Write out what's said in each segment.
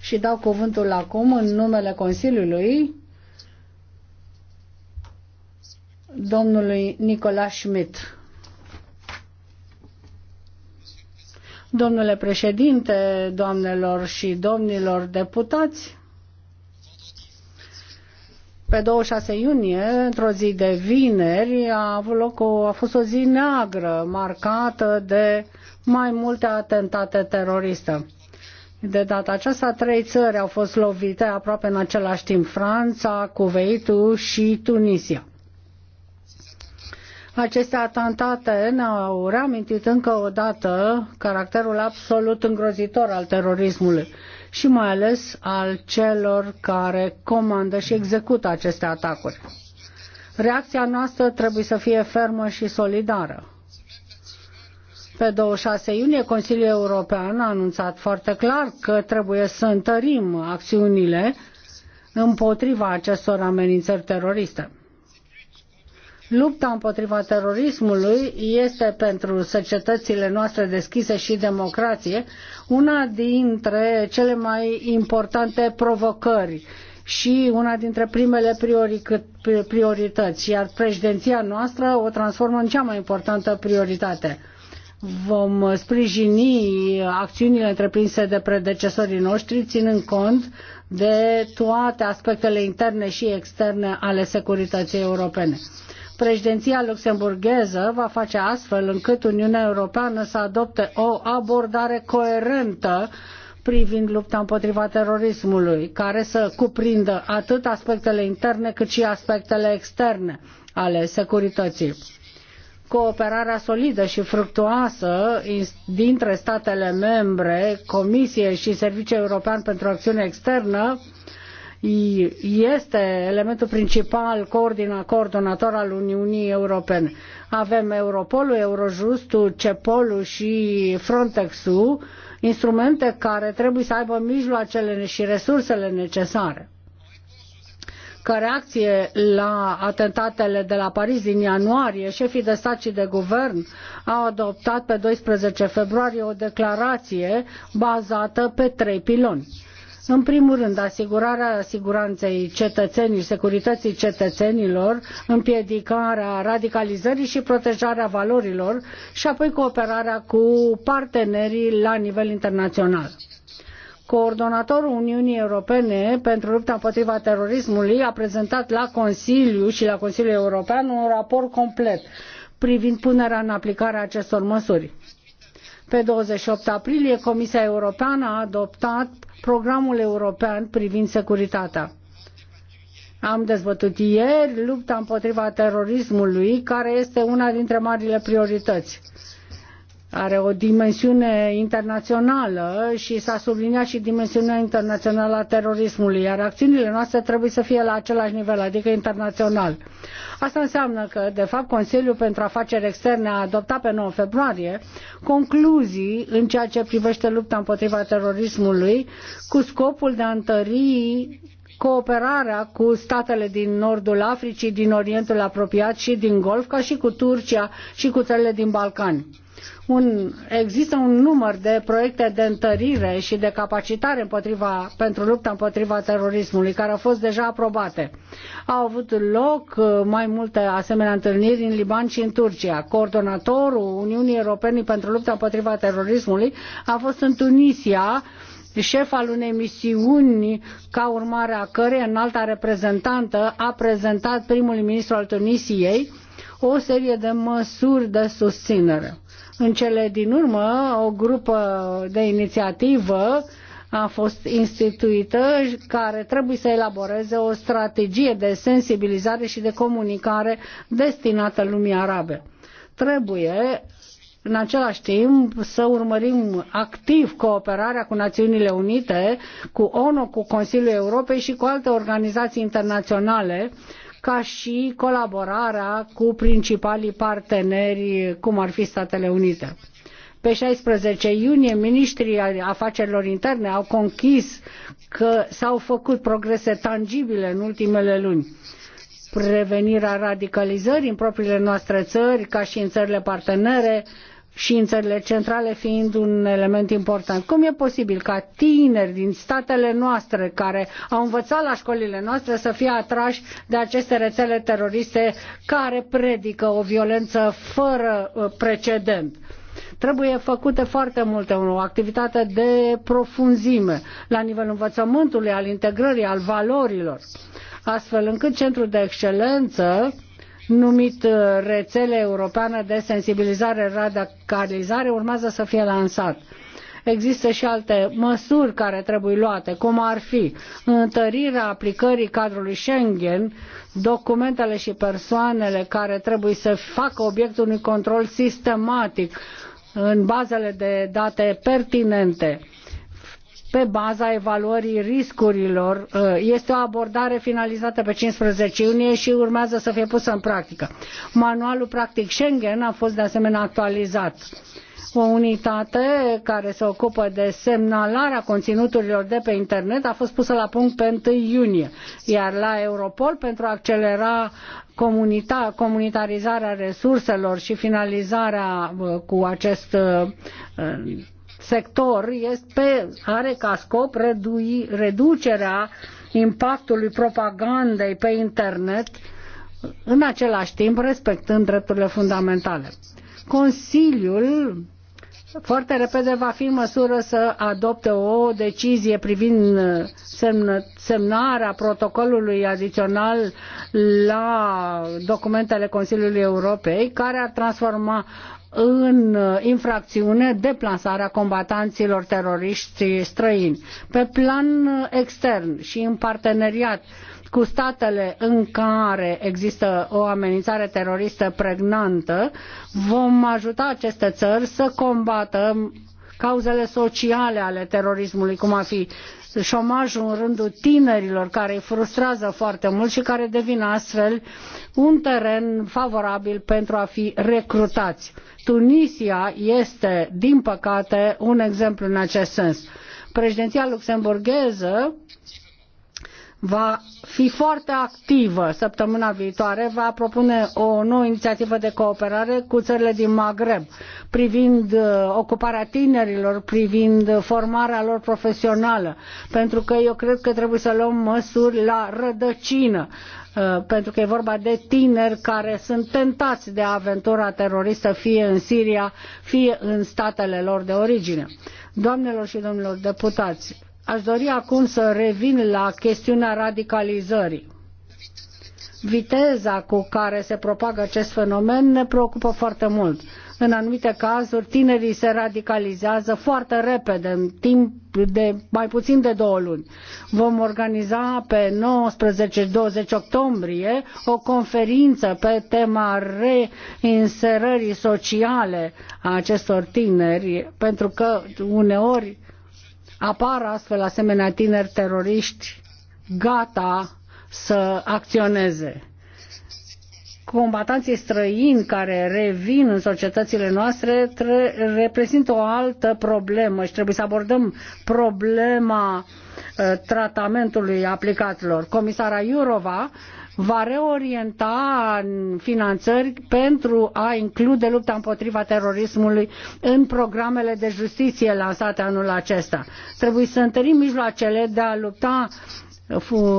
și dau cuvântul acum în numele Consiliului domnului Nicola Schmidt. Domnule președinte, doamnelor și domnilor deputați, pe 26 iunie, într-o zi de vineri, a avut loc o, a fost o zi neagră, marcată de mai multe atentate teroriste. De data aceasta, trei țări au fost lovite aproape în același timp, Franța, Cuveitul și Tunisia. Aceste atentate ne-au reamintit încă o dată caracterul absolut îngrozitor al terorismului și mai ales al celor care comandă și execută aceste atacuri. Reacția noastră trebuie să fie fermă și solidară pe 26 iunie, Consiliul European a anunțat foarte clar că trebuie să întărim acțiunile împotriva acestor amenințări teroriste. Lupta împotriva terorismului este pentru societățile noastre deschise și democrație una dintre cele mai importante provocări și una dintre primele priorități, iar președinția noastră o transformă în cea mai importantă prioritate vom sprijini acțiunile întreprinse de predecesorii noștri, ținând cont de toate aspectele interne și externe ale securității europene. Președinția luxemburgheză va face astfel încât Uniunea Europeană să adopte o abordare coerentă privind lupta împotriva terorismului, care să cuprindă atât aspectele interne cât și aspectele externe ale securității cooperarea solidă și fructuoasă dintre statele membre, Comisie și Serviciul European pentru Acțiune Externă este elementul principal coordina, coordonator al Uniunii Europene. Avem Europolul, Eurojustul, Cepolul și Frontexul, instrumente care trebuie să aibă mijloacele și resursele necesare. Ca reacție la atentatele de la Paris din ianuarie, șefii de stat și de guvern au adoptat pe 12 februarie o declarație bazată pe trei piloni. În primul rând, asigurarea siguranței cetățenilor, securității cetățenilor, împiedicarea radicalizării și protejarea valorilor și apoi cooperarea cu partenerii la nivel internațional coordonatorul Uniunii Europene pentru lupta împotriva terorismului a prezentat la Consiliu și la Consiliul European un raport complet privind punerea în aplicare a acestor măsuri. Pe 28 aprilie, Comisia Europeană a adoptat programul european privind securitatea. Am dezbătut ieri lupta împotriva terorismului, care este una dintre marile priorități are o dimensiune internațională și s-a subliniat și dimensiunea internațională a terorismului, iar acțiunile noastre trebuie să fie la același nivel, adică internațional. Asta înseamnă că, de fapt, Consiliul pentru Afaceri Externe a adoptat pe 9 februarie concluzii în ceea ce privește lupta împotriva terorismului cu scopul de a întări cooperarea cu statele din nordul Africii, din Orientul apropiat și din Golf, ca și cu Turcia și cu țările din Balcani un, există un număr de proiecte de întărire și de capacitare împotriva, pentru lupta împotriva terorismului, care au fost deja aprobate. Au avut loc uh, mai multe asemenea întâlniri în Liban și în Turcia. Coordonatorul Uniunii Europene pentru lupta împotriva terorismului a fost în Tunisia șef al unei misiuni ca urmare a căreia înalta reprezentantă a prezentat primului ministru al Tunisiei o serie de măsuri de susținere. În cele din urmă, o grupă de inițiativă a fost instituită care trebuie să elaboreze o strategie de sensibilizare și de comunicare destinată lumii arabe. Trebuie în același timp să urmărim activ cooperarea cu Națiunile Unite, cu ONU, cu Consiliul Europei și cu alte organizații internaționale uh, ca și colaborarea cu principalii parteneri, cum ar fi Statele Unite. Pe 16 iunie, ministrii afacerilor interne au conchis că s-au făcut progrese tangibile în ultimele luni prevenirea radicalizării în propriile noastre țări, ca și în țările partenere, și în țările centrale fiind un element important. Cum e posibil ca tineri din statele noastre care au învățat la școlile noastre să fie atrași de aceste rețele teroriste care predică o violență fără uh, precedent? Trebuie făcute foarte multe, o activitate de profunzime la nivelul învățământului, al integrării, al valorilor, astfel încât centrul de excelență numit uh, rețele europeană de sensibilizare radicalizare urmează să fie lansat. Există și alte măsuri care trebuie luate, cum ar fi întărirea aplicării cadrului Schengen, documentele și persoanele care trebuie să facă obiectul unui control sistematic în bazele de date pertinente pe baza evaluării riscurilor. Uh, este o abordare finalizată pe 15 iunie și urmează să fie pusă în practică. Manualul practic Schengen a fost de asemenea actualizat o unitate care se ocupă de semnalarea conținuturilor de pe internet a fost pusă la punct pe 1 iunie, iar la Europol pentru a accelera comunita- comunitarizarea resurselor și finalizarea uh, cu acest uh, sector este, are ca scop redui, reducerea impactului propagandei pe internet, în același timp respectând drepturile fundamentale. Consiliul foarte repede va fi în măsură să adopte o decizie privind semn, semnarea protocolului adițional la documentele Consiliului Europei, care ar transforma în uh, infracțiune deplasarea combatanților teroriști străini. Pe plan uh, extern și în parteneriat cu statele în care există o amenințare teroristă pregnantă, vom ajuta aceste țări să combată cauzele sociale ale terorismului, cum ar fi șomajul în rândul tinerilor care îi frustrează foarte mult și care devin astfel un teren favorabil pentru a fi recrutați. Tunisia este, din păcate, un exemplu în acest sens. Președinția luxemburgheză va fi foarte activă. Săptămâna viitoare va propune o nouă inițiativă de cooperare cu țările din Maghreb privind uh, ocuparea tinerilor, privind formarea lor profesională, pentru că eu cred că trebuie să luăm măsuri la rădăcină uh, pentru că e vorba de tineri care sunt tentați de aventura teroristă, fie în Siria, fie în statele lor de origine. Doamnelor și domnilor deputați, Aș dori acum să revin la chestiunea radicalizării. Viteza cu care se propagă acest fenomen ne preocupă foarte mult. În anumite cazuri, tinerii se radicalizează foarte repede, în timp de mai puțin de două luni. Vom organiza pe 19-20 octombrie o conferință pe tema reinserării sociale a acestor tineri, pentru că uneori apar astfel asemenea tineri teroriști gata să acționeze. Combatanții străini care revin în societățile noastre reprezintă o altă problemă și trebuie să abordăm problema uh, tratamentului aplicaților. Comisara Iurova va reorienta finanțări pentru a include lupta împotriva terorismului în programele de justiție lansate anul acesta. Trebuie să întărim mijloacele de a lupta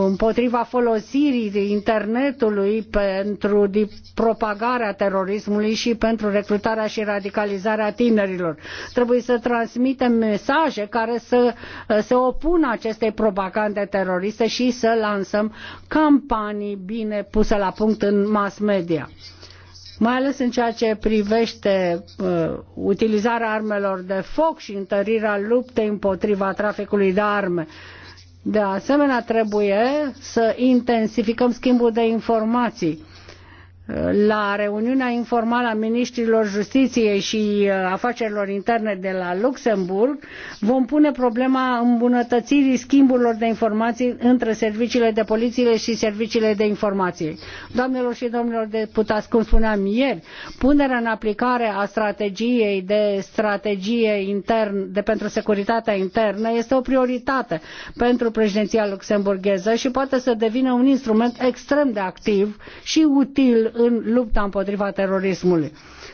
împotriva folosirii internetului pentru propagarea terorismului și pentru recrutarea și radicalizarea tinerilor. Trebuie să transmitem mesaje care să se opună acestei propagande teroriste și să lansăm campanii bine puse la punct în mass media mai ales în ceea ce privește uh, utilizarea armelor de foc și întărirea luptei împotriva traficului de arme. Uh, de asemenea, trebuie să intensificăm schimbul de informații la reuniunea informală a ministrilor justiției și uh, afacerilor interne de la Luxemburg, vom pune problema îmbunătățirii schimburilor de informații între serviciile de poliție și serviciile de informație. Doamnelor și domnilor deputați, cum spuneam ieri, punerea în aplicare a strategiei de strategie intern, de pentru securitatea internă este o prioritate pentru președinția luxemburgheză și poate să devină un instrument extrem de activ și util în lupta împotriva terorismului.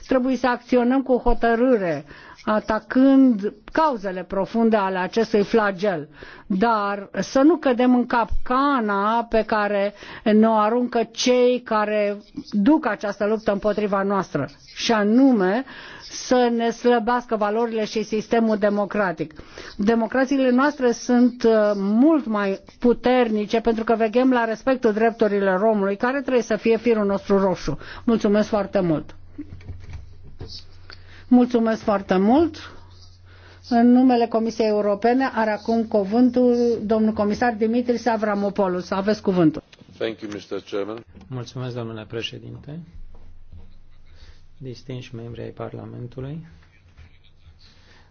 Trebuie să acționăm cu hotărâre atacând cauzele profunde ale acestui flagel, dar să nu cădem în capcana pe care ne o aruncă cei care duc această luptă împotriva noastră, și anume să ne slăbească valorile și sistemul democratic. Democrațiile noastre sunt uh, mult mai puternice pentru că veghem la respectul drepturilor omului, care trebuie să fie firul nostru roșu. Mulțumesc foarte mult! Mulțumesc foarte mult. În numele Comisiei Europene are acum cuvântul domnul comisar Dimitris Avramopoulos. Aveți cuvântul. Thank you, Mr. Chairman. Mulțumesc, domnule președinte. Distinși membri ai Parlamentului,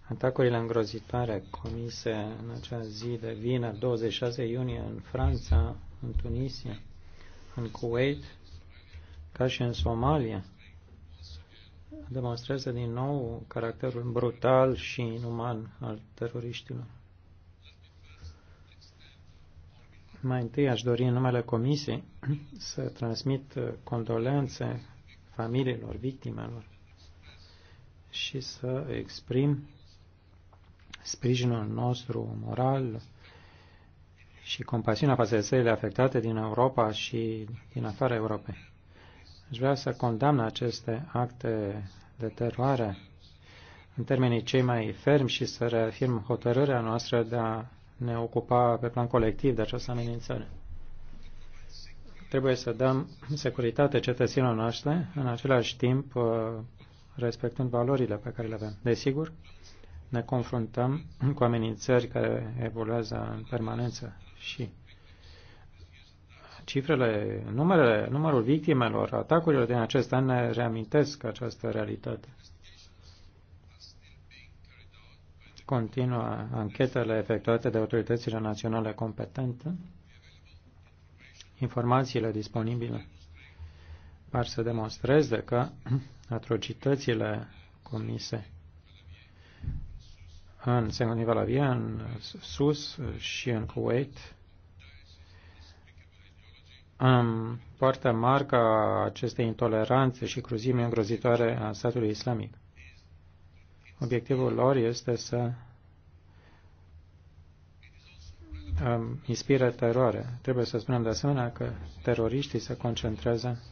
atacurile îngrozitoare comise în acea zi de vineri, 26 iunie, în Franța, în Tunisia, în Kuwait, ca și în Somalia, demonstrează din nou caracterul brutal și inuman al teroriștilor. Mai întâi aș dori în numele Comisiei să transmit condolențe familiilor victimelor și să exprim sprijinul nostru moral și compasiunea față de țările afectate din Europa și din afara Europei. Aș vrea să condamn aceste acte de teroare în termenii cei mai fermi și să reafirm hotărârea noastră de a ne ocupa pe plan colectiv de această amenințare. Trebuie să dăm securitate cetățenilor noastre, în același timp uh, respectând valorile pe care le avem. Desigur, ne confruntăm cu amenințări care evoluează în permanență și Cifrele, numerele, numărul victimelor atacurilor din acest an ne reamintesc această realitate. Continuă anchetele efectuate de autoritățile naționale competente. Informațiile disponibile par să demonstreze că atrocitățile comise în Senganivalavia, în sus și în Kuwait, um, poartă marca acestei intoleranțe și cruzime îngrozitoare a statului islamic. Obiectivul lor este să um, inspire teroare. Trebuie să spunem de asemenea că teroriștii se concentrează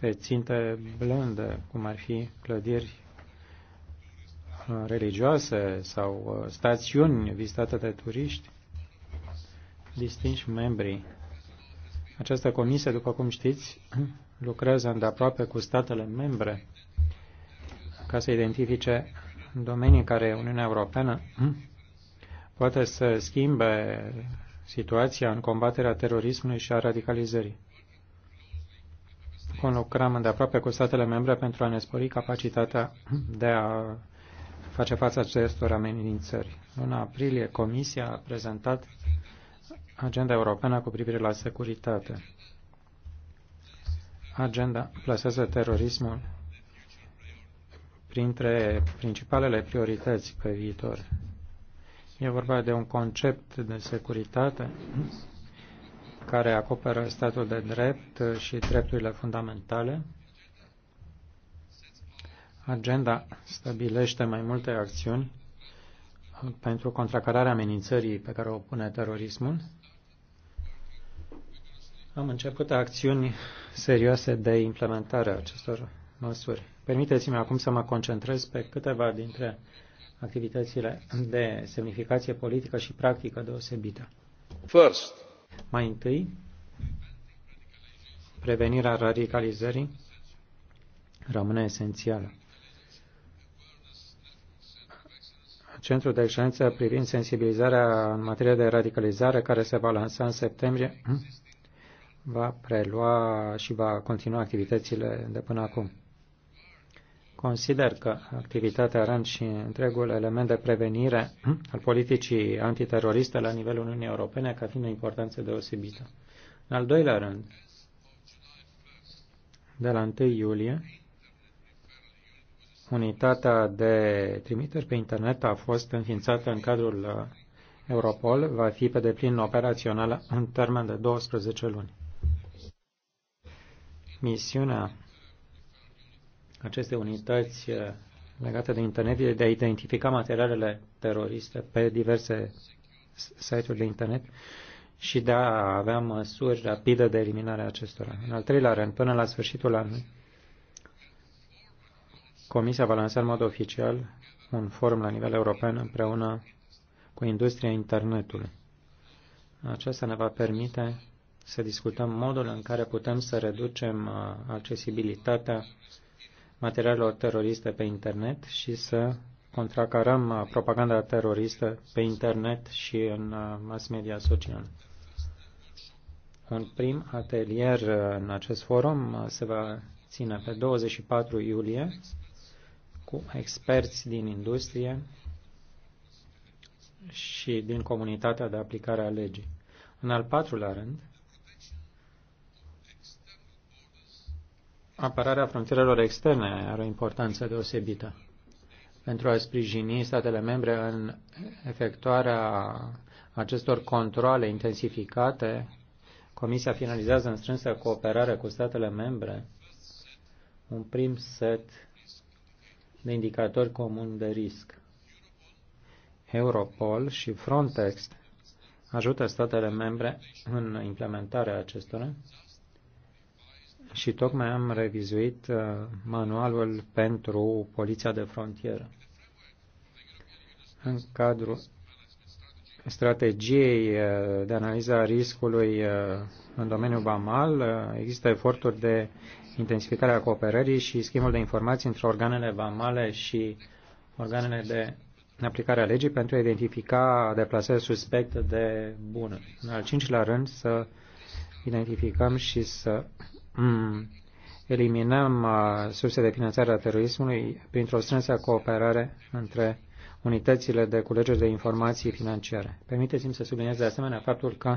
pe ținte blânde, cum ar fi clădiri uh, religioase sau uh, stațiuni vizitate de turiști, distinși membrii această comisie, după cum știți, lucrează îndeaproape cu statele membre ca să identifice domenii în care Uniunea Europeană poate să schimbe situația în combaterea terorismului și a radicalizării. lucrăm îndeaproape cu statele membre pentru a ne spori capacitatea de a face față acestor amenințări. În aprilie, Comisia a prezentat agenda europeană cu privire la securitate. Agenda plasează terorismul printre principalele priorități pe viitor. E vorba de un concept de securitate care acoperă statul de drept și drepturile fundamentale. Agenda stabilește mai multe acțiuni pentru contracararea amenințării pe care o pune terorismul. Am început acțiuni serioase de implementare a acestor măsuri. Permiteți-mi acum să mă concentrez pe câteva dintre activitățile de semnificație politică și practică deosebită. First. Mai întâi, prevenirea radicalizării rămâne esențială. Centrul de Excelență privind sensibilizarea în materie de radicalizare, care se va lansa în septembrie, hmm? va prelua și va continua activitățile de până acum. Consider că activitatea RAND și întregul element de prevenire hmm? al politicii antiteroriste la nivelul Uniunii Europene ca fiind o importanță deosebită. În al doilea rând, de la 1 iulie, Unitatea de trimiteri pe internet a fost înființată în cadrul uh, Europol, va fi pe deplin operațională în termen de 12 luni. Misiunea acestei unități uh, legate de internet e de a identifica materialele teroriste pe diverse site-uri de internet și de a avea măsuri rapide de eliminare a acestora. În al treilea rând, până la sfârșitul anului, Comisia va lansa în mod oficial un forum la nivel european împreună cu industria internetului. Aceasta ne va permite să discutăm modul în care putem să reducem uh, accesibilitatea materialelor teroriste pe internet și să contracarăm uh, propaganda teroristă pe internet și în uh, mass media social. Un prim atelier în acest forum se va ține pe 24 iulie cu experți din industrie și din comunitatea de aplicare a legii. În al patrulea rând, apărarea frontierelor externe are o importanță deosebită pentru a sprijini statele membre în efectuarea acestor controle intensificate. Comisia finalizează în strânsă cooperare cu statele membre un prim set de indicatori comuni de risc. Europol și Frontex ajută statele membre în implementarea acestora și tocmai am revizuit uh, manualul pentru Poliția de Frontieră. În cadrul strategiei uh, de analiză a riscului uh, în domeniul BAMAL există eforturi de intensificarea cooperării și schimbul de informații între organele vamale și organele de aplicare a legii pentru a identifica deplasări suspecte de bunuri. În al cincilea rând, să identificăm și să mm, eliminăm surse de finanțare a terorismului printr-o strânsă cooperare între unitățile de culegeri de informații financiare. Permiteți-mi să subliniez de asemenea faptul că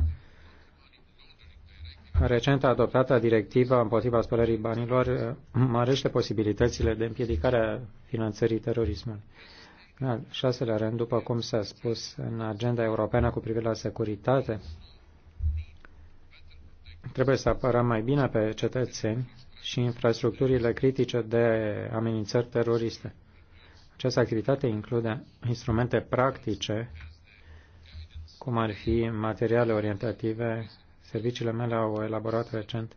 Recent adoptată directiva împotriva spălării banilor eh, mărește posibilitățile de împiedicare a finanțării terorismului. În al șaselea rând, după cum s-a spus în agenda europeană cu privire la securitate, trebuie să apărăm mai bine pe cetățeni și infrastructurile critice de amenințări teroriste. Această activitate include instrumente practice, cum ar fi materiale orientative Serviciile mele au elaborat recent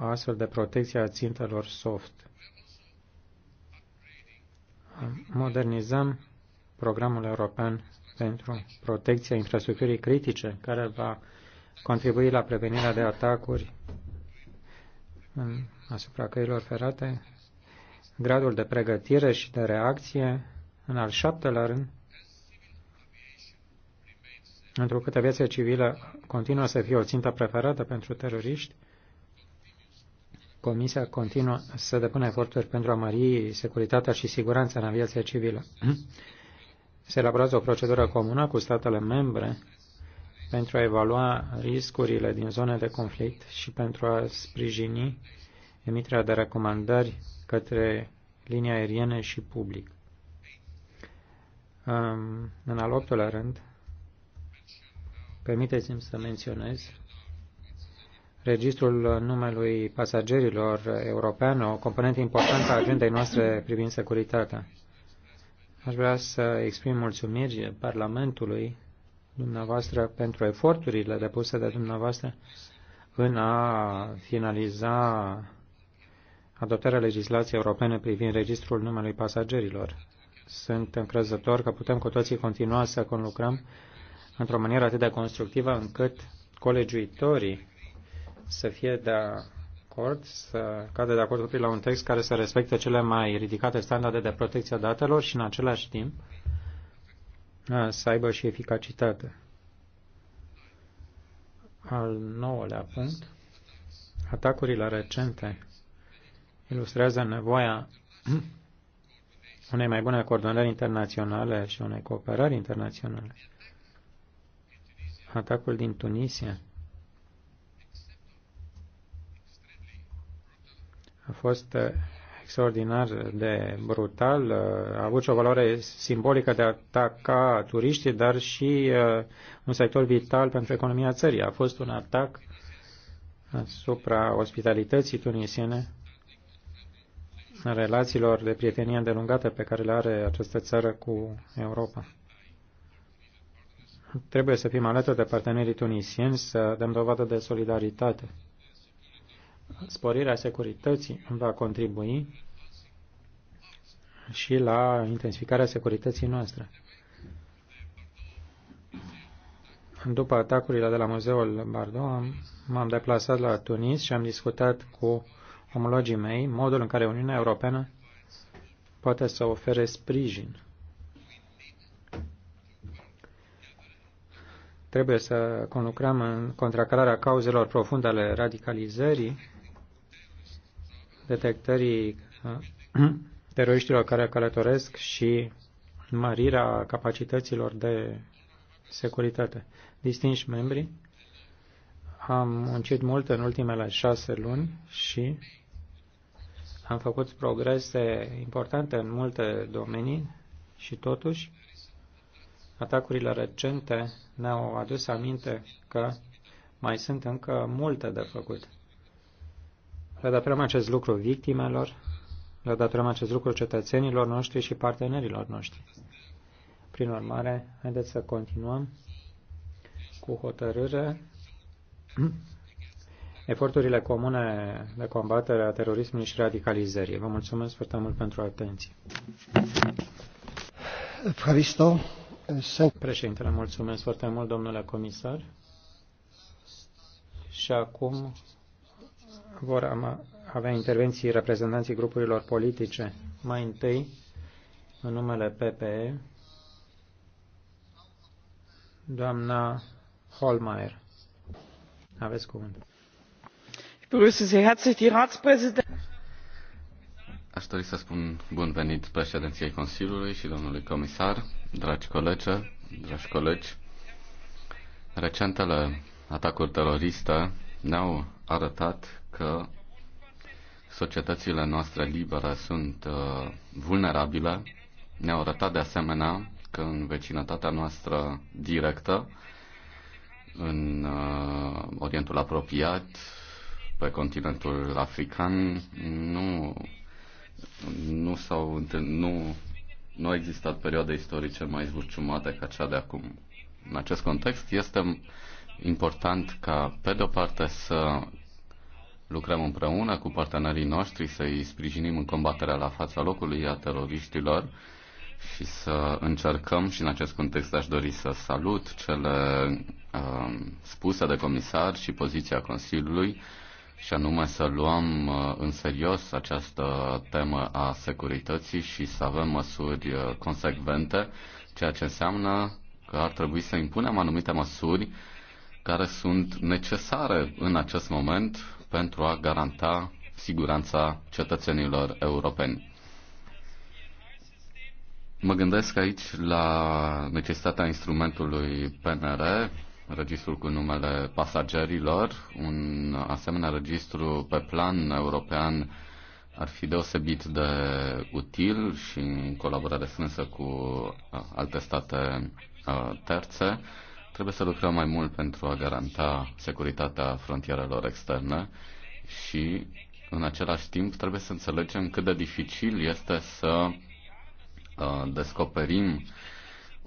o astfel de protecție a țintelor soft. Modernizăm programul european pentru protecția infrastructurii critice, care va contribui la prevenirea de atacuri asupra căilor ferate, gradul de pregătire și de reacție, în al șaptelea rând, întrucât aviația civilă continuă să fie o țintă preferată pentru teroriști, Comisia continuă să depună eforturi pentru a mări securitatea și siguranța în aviația civilă. Se elaborează o procedură comună cu statele membre pentru a evalua riscurile din zone de conflict și pentru a sprijini emiterea de recomandări către linii aeriene și public. În al optulea rând, Permiteți-mi să menționez registrul numelui pasagerilor european, o componentă importantă a agendei noastre privind securitatea. Aș vrea să exprim mulțumiri Parlamentului dumneavoastră pentru eforturile depuse de dumneavoastră în a finaliza adoptarea legislației europene privind registrul numelui pasagerilor. Sunt încrezător că putem cu toții continua să conlucrăm într-o manieră atât de constructivă încât colegiuitorii să fie de acord, să cadă de acord cu la un text care să respecte cele mai ridicate standarde de protecție a datelor și în același timp să aibă și eficacitate. Al nouălea punct, atacurile recente ilustrează nevoia unei mai bune coordonări internaționale și unei cooperări internaționale atacul din Tunisia a fost uh, extraordinar de brutal, uh, a avut și o valoare simbolică de a ataca turiștii, dar și uh, un sector vital pentru economia țării. A fost un atac asupra ospitalității tunisiene, relațiilor de prietenie îndelungată pe care le are această țară cu Europa. Trebuie să fim alături de partenerii tunisieni, să dăm dovadă de solidaritate. Sporirea securității va contribui și la intensificarea securității noastre. După atacurile de la Muzeul Bardo, m-am deplasat la Tunis și am discutat cu omologii mei modul în care Uniunea Europeană poate să ofere sprijin Trebuie să conlucrăm în contracararea cauzelor profunde ale radicalizării, detectării uh, teroriștilor care călătoresc și mărirea capacităților de securitate. Distinși membri, am muncit mult în ultimele șase luni și am făcut progrese importante în multe domenii și totuși Atacurile recente ne-au adus aminte că mai sunt încă multe de făcut. Le datorăm acest lucru victimelor, le datorăm acest lucru cetățenilor noștri și partenerilor noștri. Prin urmare, haideți să continuăm cu hotărâre eforturile comune de combatere a terorismului și radicalizării. Vă mulțumesc foarte mult pentru atenție. Ευχαριστώ. Președintele, mulțumesc foarte mult, domnule comisar. Și acum vor avea intervenții reprezentanții grupurilor politice. Mai întâi, în numele PPE, doamna Holmeier. Aveți cuvânt. Aș dori să spun bun venit președinției Consiliului și domnului comisar dragi colegi, dragi colegi, recentele atacuri teroriste ne-au arătat că societățile noastre libere sunt uh, vulnerabile, ne-au arătat de asemenea că în vecinătatea noastră directă, în uh, Orientul apropiat, pe continentul african, nu nu s-au nu nu a existat perioade istorice mai zbuciumate ca cea de acum. În acest context este important ca, pe de-o parte, să lucrăm împreună cu partenerii noștri, să-i sprijinim în combaterea la fața locului a teroriștilor și să încercăm și în acest context aș dori să salut cele uh, spuse de comisar și poziția Consiliului uh, și anume să luăm uh, în serios această temă a securității și să avem măsuri uh, consecvente, ceea ce înseamnă că ar trebui să impunem anumite măsuri care sunt necesare în acest moment pentru a garanta siguranța cetățenilor europeni. Mă gândesc aici la necesitatea instrumentului PNR registrul cu numele pasagerilor. Un asemenea registru pe plan european ar fi deosebit de util și în colaborare strânsă cu alte state terțe. Trebuie să lucrăm mai mult pentru a garanta securitatea frontierelor externe și în același timp trebuie să înțelegem cât de dificil este să descoperim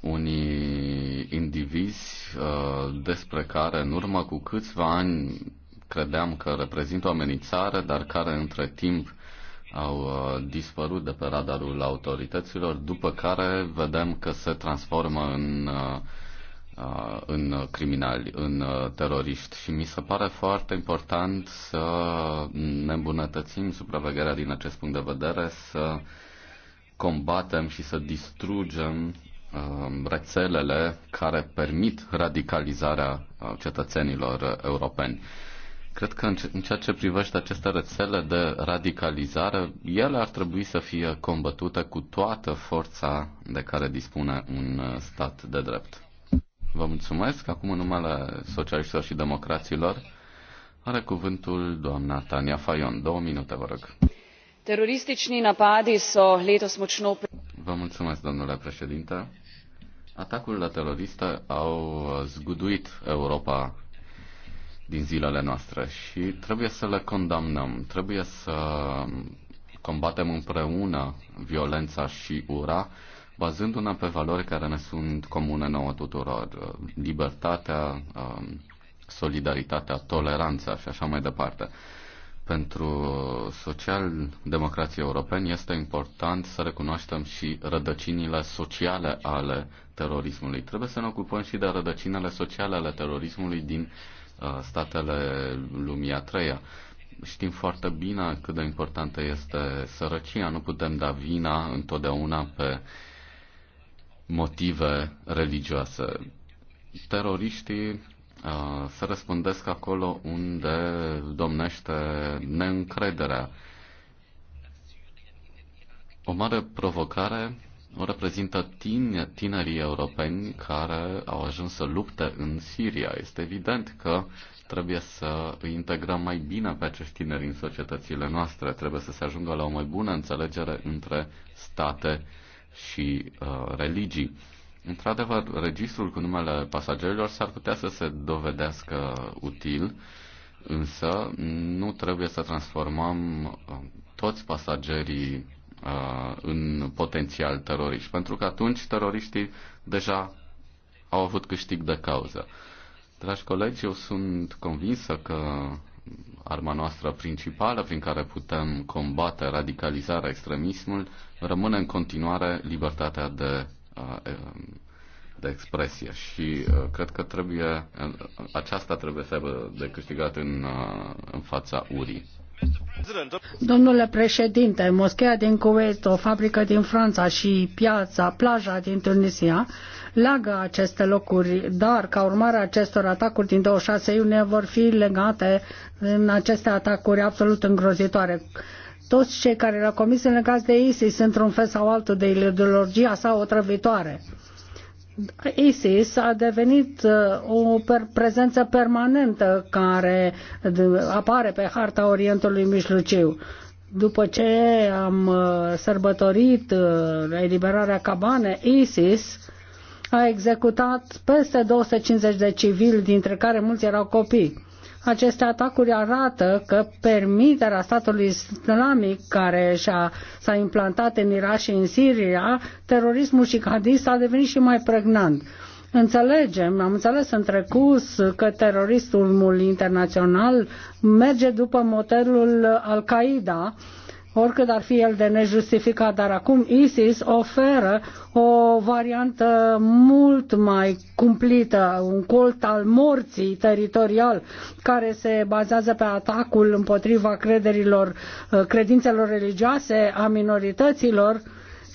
unii indivizi uh, despre care în urmă cu câțiva ani credeam că reprezintă o amenințare, dar care între timp au uh, dispărut de pe radarul autorităților, după care vedem că se transformă în, uh, în criminali, în teroriști. Și mi se pare foarte important să ne îmbunătățim supravegherea din acest punct de vedere, să combatem și să distrugem Um, rețelele care permit radicalizarea uh, cetățenilor uh, europeni. Cred că în ceea ce privește aceste rețele de radicalizare, ele ar trebui să fie combătute cu toată forța de care dispune un uh, stat de drept. Vă mulțumesc. Acum în numele socialiștilor și democraților are cuvântul doamna Tania Fajon. Două minute, vă rog. Teroristični napadi so letos močno... Vă mulțumesc, domnule președinte. Atacurile teroriste au zguduit Europa din zilele noastre și trebuie să le condamnăm, trebuie să combatem împreună violența și ura, bazându-ne pe valori care ne sunt comune nouă tuturor, libertatea, um, solidaritatea, toleranța și așa mai departe. Pentru social-democrații europeni este important să recunoaștem și rădăcinile sociale ale terorismului. Trebuie să ne ocupăm și de rădăcinele sociale ale terorismului din uh, statele lumii a treia. Știm foarte bine cât de importantă este sărăcia. Nu putem da vina întotdeauna pe motive religioase. Teroriștii uh, se răspândesc acolo unde domnește neîncrederea. O mare provocare reprezintă tinerii europeni care au ajuns să lupte în Siria. Este evident că trebuie să îi integrăm mai bine pe acești tineri în societățile noastre. Trebuie să se ajungă la o mai bună înțelegere între state și uh, religii. Într-adevăr, registrul cu numele pasagerilor s-ar putea să se dovedească util, însă nu trebuie să transformăm uh, toți pasagerii Uh, în potențial teroriști, pentru că atunci teroriștii deja au avut câștig de cauză. Dragi colegi, eu sunt convinsă că arma noastră principală prin care putem combate radicalizarea, extremismul, rămâne în continuare libertatea de, uh, um, de expresie și uh, cred că trebuie, aceasta trebuie să aibă de câștigat în, în fața urii. Domnule președinte, moschea din Kuwait, o fabrică din Franța și piața, plaja din Tunisia leagă aceste locuri, dar ca urmare a acestor atacuri din 26 iunie vor fi legate în aceste atacuri absolut îngrozitoare. Toți cei care erau comis în legați de ISIS, într-un fel sau altul, de ideologia sa otrăvitoare. ISIS a devenit uh, o prezență permanentă care apare pe harta Orientului Mijlociu. După ce am uh, sărbătorit uh, eliberarea cabane, ISIS a executat peste 250 de civili, dintre care mulți erau copii. Aceste atacuri arată că permiterea statului islamic care și-a, s-a implantat în Irak și în Siria, terorismul și jihadist a devenit și mai pregnant. Înțelegem, am înțeles în trecut că teroristul internațional merge după modelul Al-Qaeda, oricât ar fi el de nejustificat, dar acum ISIS oferă o variantă mult mai cumplită, un colt al morții teritorial care se bazează pe atacul împotriva crederilor, uh, credințelor religioase a minorităților,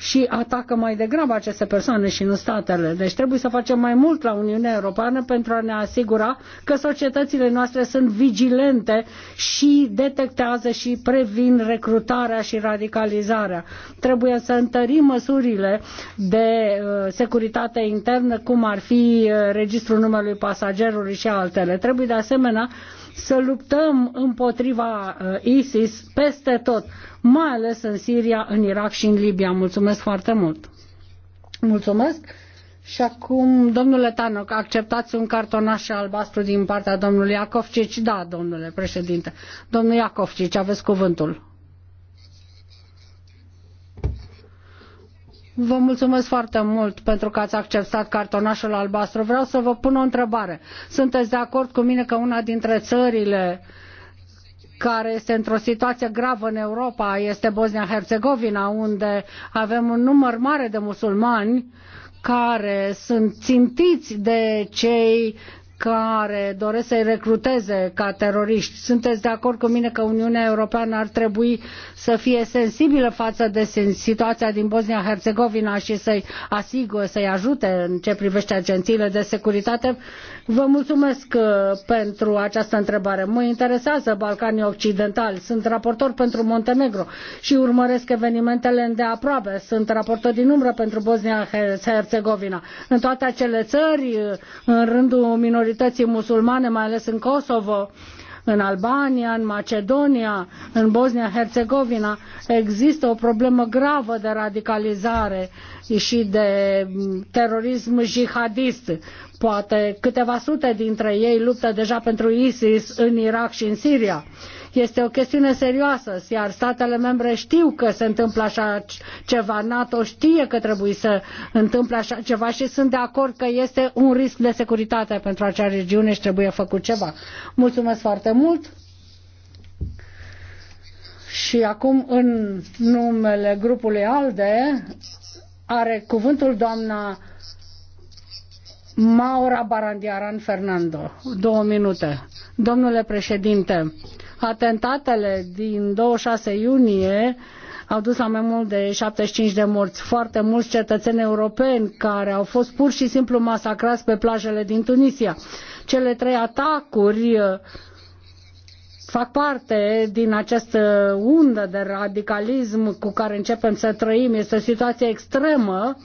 și atacă mai degrabă aceste persoane și nu statele. Deci trebuie să facem mai mult la Uniunea Europeană pentru a ne asigura că societățile noastre sunt vigilente și detectează și previn recrutarea și radicalizarea. Trebuie să întărim măsurile de uh, securitate internă, cum ar fi uh, registrul numelui pasagerului și altele. Trebuie de asemenea să luptăm împotriva uh, ISIS peste tot, mai ales în Siria, în Irak și în Libia. Mulțumesc foarte mult! Mulțumesc! Și acum, domnule Tanoc, acceptați un cartonaș albastru din partea domnului Iacovcici? Da, domnule președinte. Domnul Iacovcici, aveți cuvântul. Vă mulțumesc foarte mult pentru că ați acceptat cartonașul albastru. Vreau să vă pun o întrebare. Sunteți de acord cu mine că una dintre țările care este într-o situație gravă în Europa este Bosnia-Herzegovina, unde avem un număr mare de musulmani care sunt țintiți de cei care doresc să-i recruteze ca teroriști. Sunteți de acord cu mine că Uniunea Europeană ar trebui să fie sensibilă față de situația din Bosnia-Herzegovina și să-i asigure, să-i ajute în ce privește agențiile de securitate Vă mulțumesc uh, pentru această întrebare. Mă interesează Balcanii Occidentali. Sunt raportor pentru Montenegro și urmăresc evenimentele îndeaproape. Sunt raportor din umbră pentru Bosnia-Herzegovina. În toate acele țări, uh, în rândul minorității musulmane, mai ales în Kosovo, în Albania, în Macedonia, în Bosnia-Herzegovina, există o problemă gravă de radicalizare și de mm, terorism jihadist poate câteva sute dintre ei luptă deja pentru ISIS în Irak și în Siria. Este o chestiune serioasă, iar statele membre știu că se întâmplă așa ceva. NATO știe că trebuie să întâmple așa ceva și sunt de acord că este un risc de securitate pentru acea regiune și trebuie făcut ceva. Mulțumesc foarte mult! Și acum, în numele grupului ALDE, are cuvântul doamna Maura Barandiaran Fernando. Două minute. Domnule președinte, atentatele din 26 iunie au dus la mai mult de 75 de morți. Foarte mulți cetățeni europeni care au fost pur și simplu masacrați pe plajele din Tunisia. Cele trei atacuri uh, fac parte din această undă de radicalism cu care începem să trăim. Este o situație extremă uh,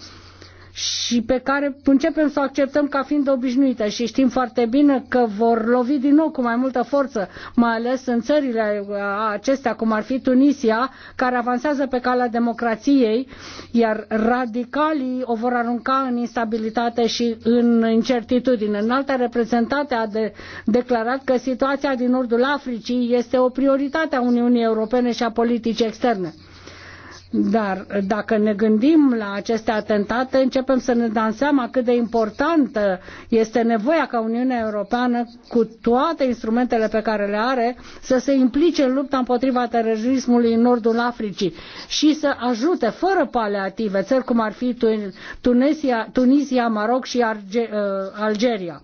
și pe care începem să o acceptăm ca fiind obișnuită și știm foarte bine că vor lovi din nou cu mai multă forță, mai ales în țările uh, acestea, cum ar fi Tunisia, care avansează pe calea democrației, iar radicalii o vor arunca în instabilitate și în incertitudine. În alta reprezentate a de, declarat că situația din nordul Africii este o prioritate a Uniunii Europene și a politicii externe dar dacă ne gândim la aceste atentate, începem să ne dăm seama cât de importantă este nevoia ca Uniunea Europeană, cu toate instrumentele pe care le are, să se implice în lupta împotriva terorismului în nordul Africii și să ajute fără paliative țări cum ar fi Tunisia, Tunisia Maroc și Arge, uh, Algeria.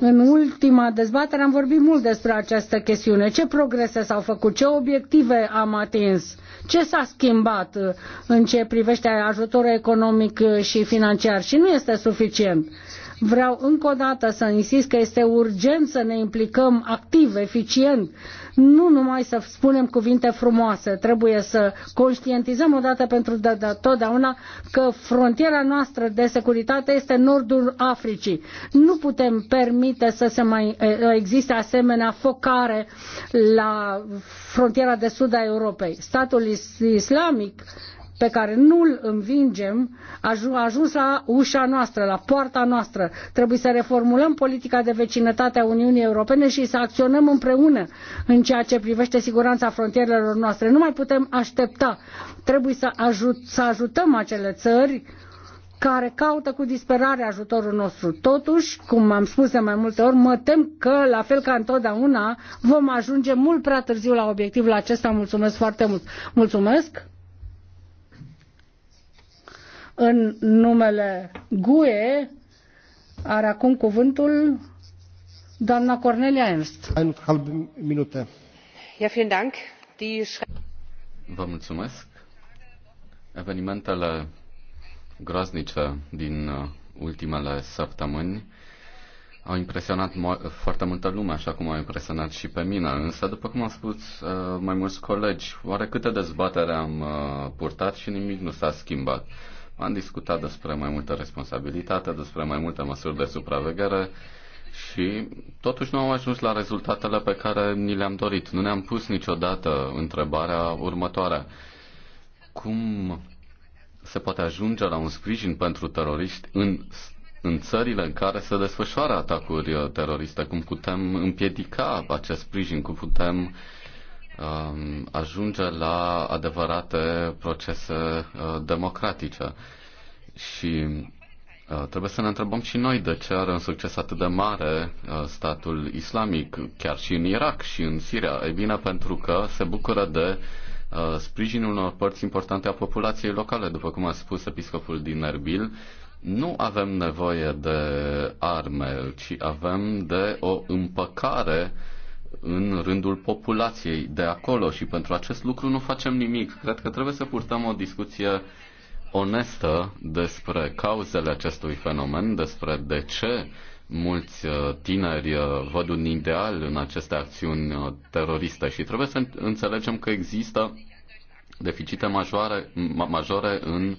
În ultima dezbatere am vorbit mult despre această chestiune. Ce progrese s-au făcut? Ce obiective am atins? Ce s-a schimbat uh, în ce privește ajutorul economic uh, și financiar? Și nu este suficient. Vreau încă o dată să insist că este urgent să ne implicăm activ, eficient nu numai să spunem cuvinte frumoase, trebuie să conștientizăm odată pentru da, da, totdeauna că frontiera noastră de securitate este nordul Africii. Nu putem permite să se mai existe asemenea focare la frontiera de sud a Europei. Statul islamic pe care nu îl învingem a ajuns la ușa noastră, la poarta noastră. Trebuie să reformulăm politica de vecinătate a Uniunii Europene și să acționăm împreună în ceea ce privește siguranța frontierelor noastre. Nu mai putem aștepta. Trebuie să, ajut, să ajutăm acele țări care caută cu disperare ajutorul nostru. Totuși, cum am spus de mai multe ori, mă tem că, la fel ca întotdeauna, vom ajunge mult prea târziu la obiectivul acesta. Mulțumesc foarte mult. Mulțumesc în numele GUE are acum cuvântul doamna Cornelia Ernst. Un halb minute. Ja, vielen Dank. Die Vă mulțumesc. Evenimentele groaznice din uh, ultimele săptămâni au impresionat foarte multă lume, așa cum au impresionat și pe mine. Însă, după cum am spus uh, mai mulți colegi, oare câte dezbatere am uh, purtat și nimic nu s-a schimbat. Am discutat despre mai multă responsabilitate, despre mai multe măsuri de supraveghere și totuși nu am ajuns la rezultatele pe care ni le-am dorit. Nu ne-am pus niciodată întrebarea următoare. Cum se poate ajunge la un sprijin pentru teroriști în, în țările în care se desfășoară atacuri teroriste? Cum putem împiedica acest sprijin? Cum putem uh, Um, ajunge la adevărate procese uh, democratice. Și uh, trebuie să ne întrebăm și noi de ce are un succes atât de mare uh, statul islamic, chiar și în Irak și în Siria. E bine pentru că se bucură de sprijinul unor părți importante a populației locale, după cum a spus episcopul din Erbil, nu avem nevoie de arme, ci avem de o împăcare uh, în rândul populației de acolo și pentru acest lucru nu facem nimic. Cred că trebuie să purtăm o discuție onestă despre cauzele acestui fenomen, despre de ce mulți uh, tineri uh, văd un ideal în aceste acțiuni uh, teroriste și trebuie să înțelegem că există deficite majore, majore în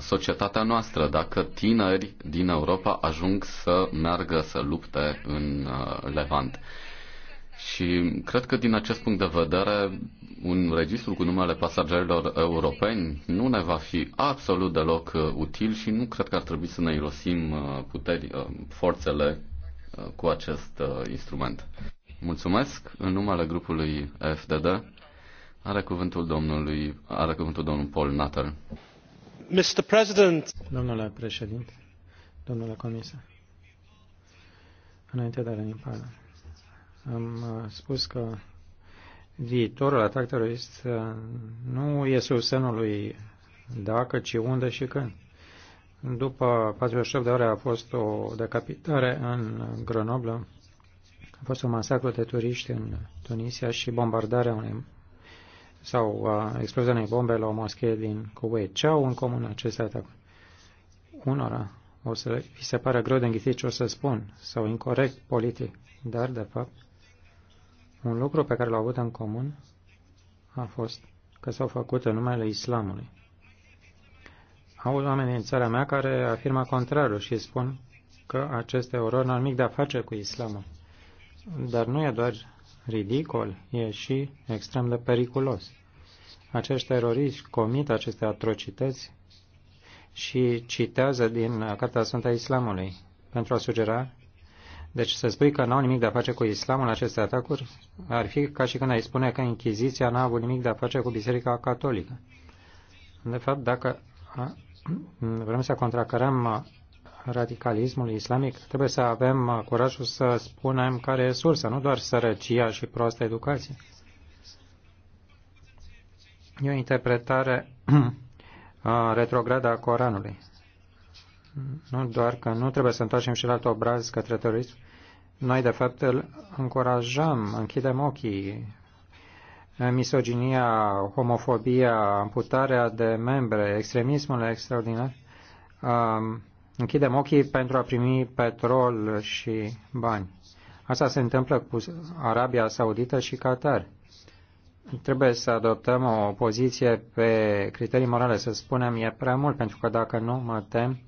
societatea noastră, dacă tineri din Europa ajung să meargă să lupte în Levant. Și cred că din acest punct de vedere, un registru cu numele pasagerilor europeni nu ne va fi absolut deloc uh, util și nu cred că ar trebui să ne irosim uh, puteri, uh, forțele cu acest instrument. Mulțumesc. În numele grupului FDD are cuvântul, domnului, are cuvântul domnul Paul Nutter. Mr. President. Domnule președinte, domnule comisar, înainte de a veni în am uh, spus că viitorul atac terorist uh, nu e sub semnul lui dacă, ci unde și când. După 48 de ore a fost o decapitare în Grenoble, a fost un masacru de turiști în Tunisia și bombardarea unei sau explozia unei bombe la o moschee din Kuwait. Ce au în comun aceste atacuri? Unora o să vi se pare greu de înghițit ce o să spun, sau incorrect politic, dar, de fapt, un lucru pe care l-au avut în comun a fost că s-au făcut în numele islamului. Au oameni în țara mea care afirmă contrarul și spun că aceste orori n-au nimic de a face cu islamul. Dar nu e doar ridicol, e și extrem de periculos. Acești teroriști comit aceste atrocități și citează din Carta Sfântă a Islamului pentru a sugera deci să spui că n-au nimic de a face cu islamul aceste atacuri ar fi ca și când ai spune că Inchiziția n-a avut nimic de a face cu Biserica Catolică. De fapt, dacă vrem să contracarăm radicalismul islamic, trebuie să avem curajul să spunem care e sursa, nu doar sărăcia și proastă educație. E o interpretare retrogradă a Coranului nu doar că nu trebuie să întoarcem și la obraz către terorism, noi de fapt îl încurajăm, închidem ochii, misoginia, homofobia, amputarea de membre, extremismul extraordinar, um, închidem ochii pentru a primi petrol și bani. Asta se întâmplă cu Arabia Saudită și Qatar. Trebuie să adoptăm o poziție pe criterii morale, să spunem, e prea mult, pentru că dacă nu, mă tem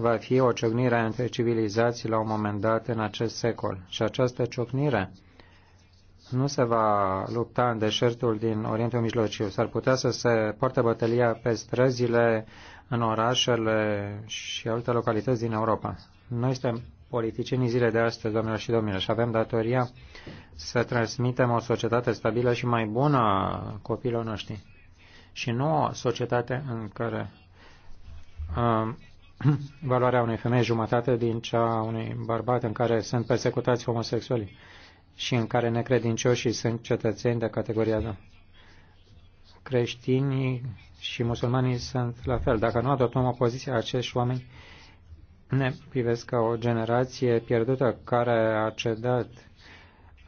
va fi o ciocnire între civilizații la un moment dat în acest secol. Și această ciocnire nu se va lupta în deșertul din Orientul Mijlociu. S-ar putea să se poartă bătălia pe străzile, în orașele și alte localități din Europa. Noi suntem politicienii zile de astăzi, domnilor și domnilor, și avem datoria să transmitem o societate stabilă și mai bună copiilor noștri. Și nu o societate în care um, valoarea unei femei jumătate din cea a unui bărbat în care sunt persecutați homosexuali și în care necredincioșii sunt cetățeni de categoria da. Creștinii și musulmanii sunt la fel. Dacă nu adoptăm o poziție, acești oameni ne privesc ca o generație pierdută care a cedat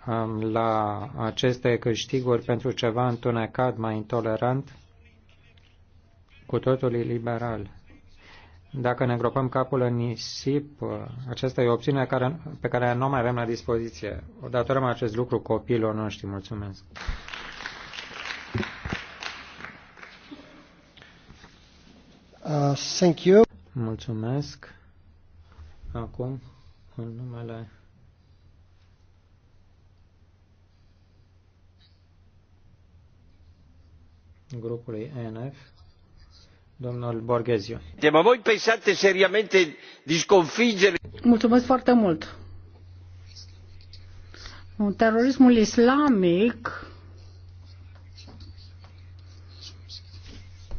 um, la aceste câștiguri pentru ceva întunecat, mai intolerant, cu totul liberal. Dacă ne îngropăm capul în nisip, aceasta e o opțiune care, pe care nu mai avem la dispoziție. O datorăm acest lucru copilor noștri. Mulțumesc. Uh, thank you. Mulțumesc. Acum, în numele grupului NF domnul Borghezio. Ma voi pensate seriamente di sconfiggere... Mulțumesc foarte mult. Terorismul islamic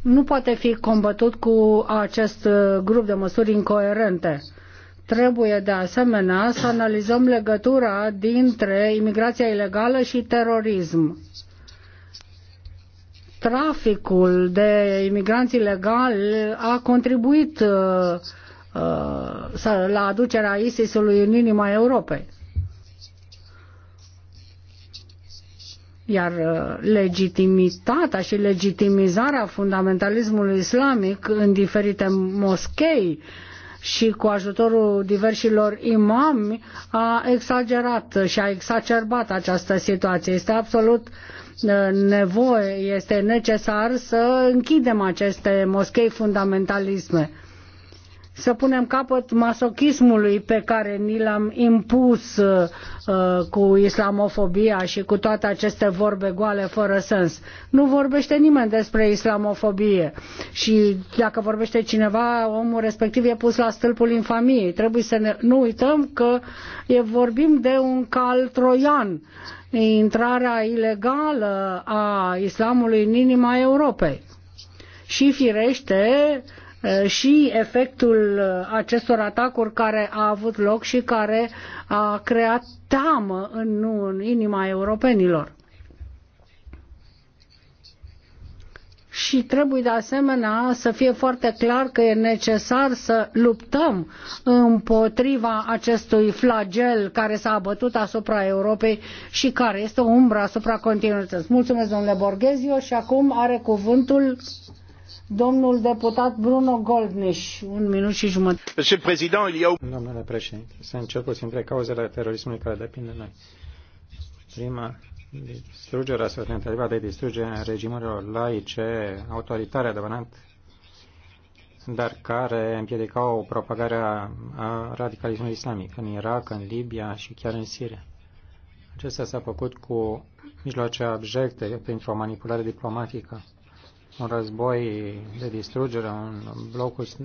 nu poate fi combătut cu acest grup de măsuri incoerente. Trebuie de asemenea să analizăm legătura dintre imigrația ilegală și terorism traficul de imigranți ilegali a contribuit uh, uh, la aducerea ISIS-ului în inima Europei. Iar uh, legitimitatea și legitimizarea fundamentalismului islamic în diferite moschei uh, și cu ajutorul diversilor imami a exagerat și a exacerbat această situație. Este absolut uh, nevoie, este necesar să închidem aceste moschei fundamentalisme să punem capăt masochismului pe care ni l-am impus uh, uh, cu islamofobia și cu toate aceste vorbe goale fără sens. Nu vorbește nimeni despre islamofobie și dacă vorbește cineva, omul respectiv e pus la stâlpul infamiei. Trebuie să ne, nu uităm că e, vorbim de un cal troian, intrarea ilegală a islamului în inima Europei. Și firește, Eh, și efectul eh, acestor atacuri care a avut loc și care a creat teamă în, în inima europenilor. și trebuie de asemenea să fie foarte clar că e necesar să luptăm împotriva acestui flagel care s-a abătut asupra Europei și care este o umbră asupra continuității. Mulțumesc, domnule Borghezio, și acum are cuvântul Domnul deputat Bruno Goldniș, un minut și jumătate. Domnule președinte, să cel puțin trei cauzele terorismului care depind de noi. Prima, distrugerea sau tentativa de distrugere a regimurilor laice, autoritare, adevărat, dar care împiedicau propagarea a radicalismului islamic în Irak, în Libia și chiar în Siria. Acesta s-a făcut cu mijloace abjecte printr-o manipulare diplomatică un război de distrugere, un blocus,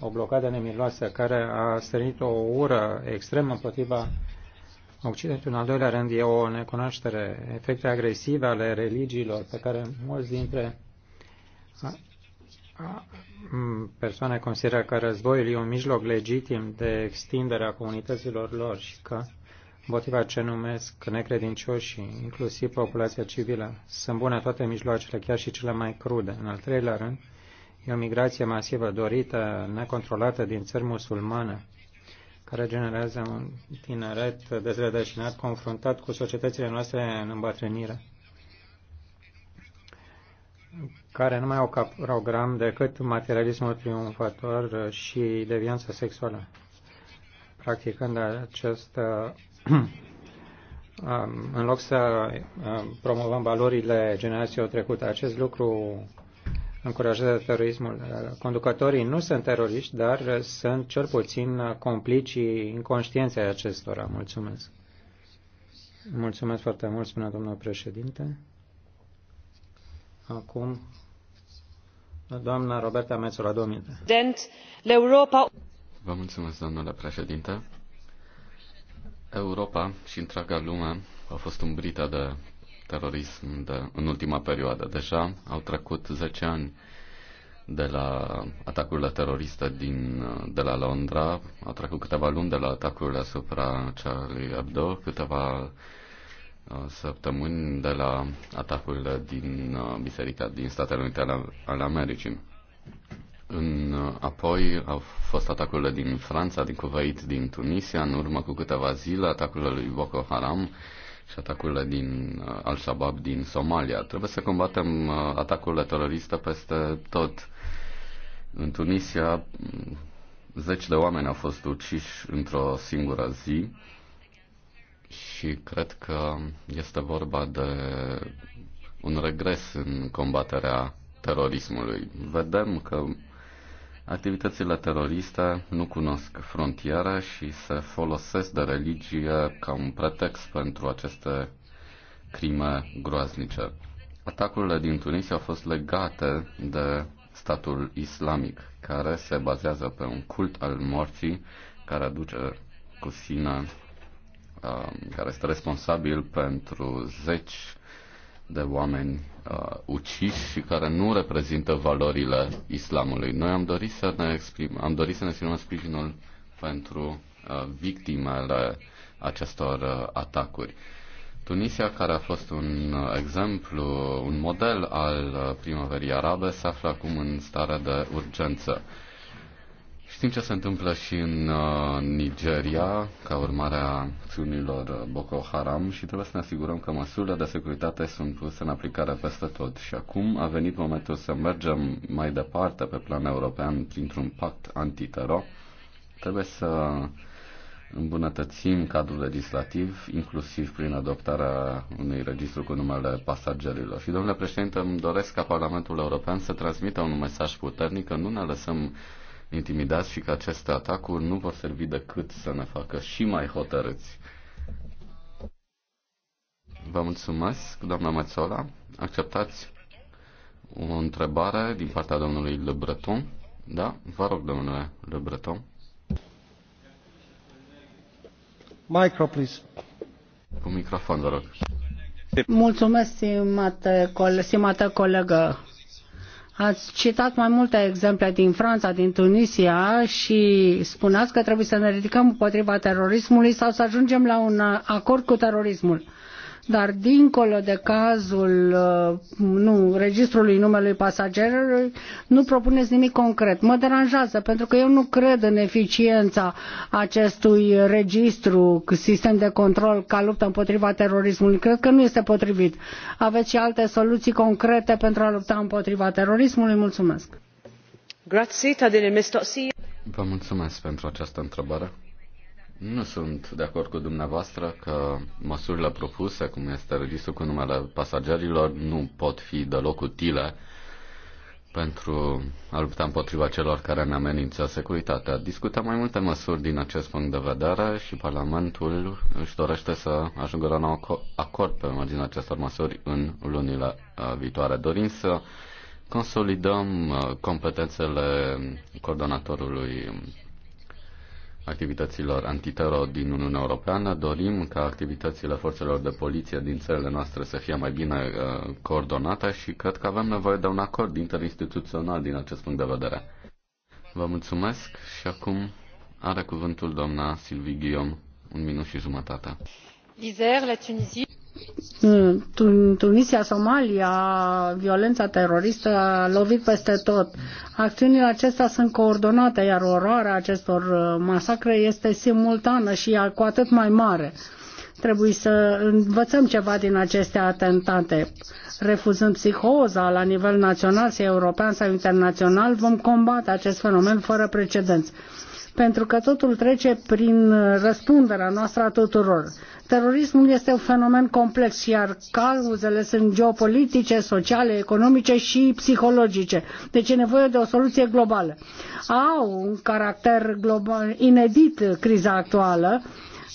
o blocadă nemiloasă care a stărit o ură extremă împotriva Occidentului. în al doilea rând, e o necunoaștere, efecte agresive ale religiilor pe care mulți dintre persoane consideră că războiul e un mijloc legitim de extindere a comunităților lor și că Motiva ce numesc necredincioșii, inclusiv populația civilă. Sunt bune toate mijloacele, chiar și cele mai crude. În al treilea rând, e o migrație masivă dorită, necontrolată din țări musulmane, care generează un tineret dezrădăcinat confruntat cu societățile noastre în îmbătrânire care nu mai au ca program decât materialismul triumfător și devianța sexuală. Practicând această în loc să promovăm valorile generației trecute, acest lucru încurajează terorismul. Conducătorii nu sunt teroriști, dar sunt cel puțin complicii inconștienței acestora. Mulțumesc. Mulțumesc foarte mult, spune domnul președinte. Acum, doamna Roberta Mețola, domnule. Vă mulțumesc, domnule președinte. Europa și întreaga lume a fost umbrită de terorism de, în ultima perioadă. Deja au trecut 10 ani de la atacurile teroriste din, de la Londra, au trecut câteva luni de la atacurile asupra Charlie Hebdo, câteva uh, săptămâni de la atacurile din uh, Biserica din Statele Unite ale Americii. În, apoi au fost atacurile din Franța, din Kuwait, din Tunisia, în urmă cu câteva zile atacurile lui Boko Haram și atacurile din uh, Al-Shabaab din Somalia. Trebuie să combatem uh, atacurile teroriste peste tot. În Tunisia, mm, zeci de oameni au fost uciși într-o singură zi și cred că este vorba de un regres în combaterea terorismului. Vedem că Activitățile teroriste nu cunosc frontiere și se folosesc de religie ca un pretext pentru aceste crime groaznice. Atacurile din Tunisia au fost legate de statul islamic, care se bazează pe un cult al morții care aduce cu sine, um, care este responsabil pentru zeci de oameni uh, uciși și care nu reprezintă valorile islamului. Noi am dorit să ne, exprim, am dorit să ne exprimăm sprijinul pentru uh, victimele acestor uh, atacuri. Tunisia, care a fost un exemplu, un model al uh, primăverii arabe, se află acum în stare de urgență. Uh, Știm ce se întâmplă și în uh, Nigeria, ca urmare a acțiunilor uh, Boko Haram și trebuie să ne asigurăm că măsurile de securitate sunt puse în aplicare peste tot. Și acum a venit momentul să mergem mai departe pe plan european printr-un pact antitero. Trebuie să îmbunătățim cadrul legislativ, inclusiv prin adoptarea unui registru cu numele pasagerilor. Și, domnule președinte, îmi doresc ca Parlamentul European să transmită un mesaj puternic că nu ne lăsăm intimidați și că aceste atacuri nu vor servi decât să ne facă și mai hotărâți. Vă mulțumesc, doamna Mățola. Acceptați o întrebare din partea domnului Le Breton? Da? Vă rog, domnule Le Breton. Micro, please. Cu microfon, vă rog. Mulțumesc, stimată, co- stimată colegă. Ați citat mai multe exemple din Franța, din Tunisia și spuneați că trebuie să ne ridicăm împotriva terorismului sau să ajungem la un acord cu terorismul dar dincolo de cazul uh, nu, registrului numelui pasagerului, nu propuneți nimic concret. Mă deranjează pentru că eu nu cred în eficiența acestui registru, sistem de control ca luptă împotriva terorismului. Cred că nu este potrivit. Aveți și alte soluții concrete pentru a lupta împotriva terorismului? Mulțumesc! Vă mulțumesc pentru această întrebare. Nu sunt de acord cu dumneavoastră că măsurile propuse, cum este registrul cu numele pasagerilor, nu pot fi deloc utile pentru a lupta împotriva celor care ne amenință securitatea. Discutăm mai multe măsuri din acest punct de vedere și Parlamentul își dorește să ajungă la un acord pe marginea acestor măsuri în lunile uh, viitoare. Dorim să consolidăm uh, competențele coordonatorului activităților antitero din Uniunea Europeană. Dorim ca activitățile forțelor de poliție din țările noastre să fie mai bine uh, coordonate și cred că avem nevoie de un acord interinstituțional din acest punct de vedere. Vă mulțumesc și acum are cuvântul doamna Silvi Guillaume, un minut și jumătate. la Mm, Tunisia, Somalia, violența teroristă a lovit peste tot. Acțiunile acestea sunt coordonate, iar oroarea acestor uh, masacre este simultană și cu atât mai mare. Trebuie să învățăm ceva din aceste atentate. Refuzând psihoza la nivel național, sau european sau internațional, vom combate acest fenomen fără precedenți pentru că totul trece prin uh, răspunderea noastră a tuturor. Terorismul este un fenomen complex, iar cauzele sunt geopolitice, sociale, economice și psihologice. Deci e nevoie de o soluție globală. Au un caracter global, inedit criza actuală,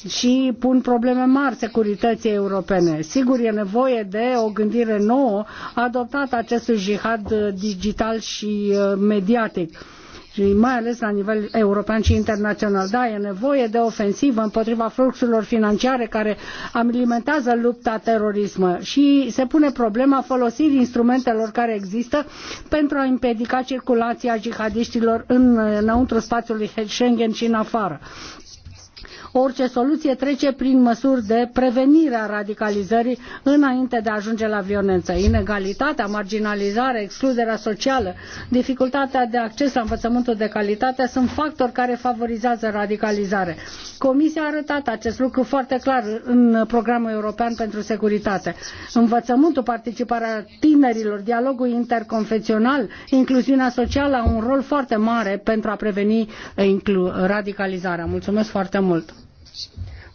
și pun probleme mari securității europene. Sigur, e nevoie de o gândire nouă adoptată acestui jihad digital și uh, mediatic mai ales la nivel european și internațional. Da, e nevoie de ofensivă împotriva fluxurilor financiare care alimentează lupta terorismă și se pune problema folosirii instrumentelor care există pentru a împiedica circulația jihadiștilor în, înăuntru spațiului Schengen și în afară. Orice soluție trece prin măsuri de prevenire a radicalizării înainte de a ajunge la violență. Inegalitatea, marginalizarea, excluderea socială, dificultatea de acces la învățământul de calitate sunt factori care favorizează radicalizare. Comisia a arătat acest lucru foarte clar în programul european pentru securitate. Învățământul, participarea tinerilor, dialogul interconfesional, incluziunea socială au un rol foarte mare pentru a preveni radicalizarea. Mulțumesc foarte mult!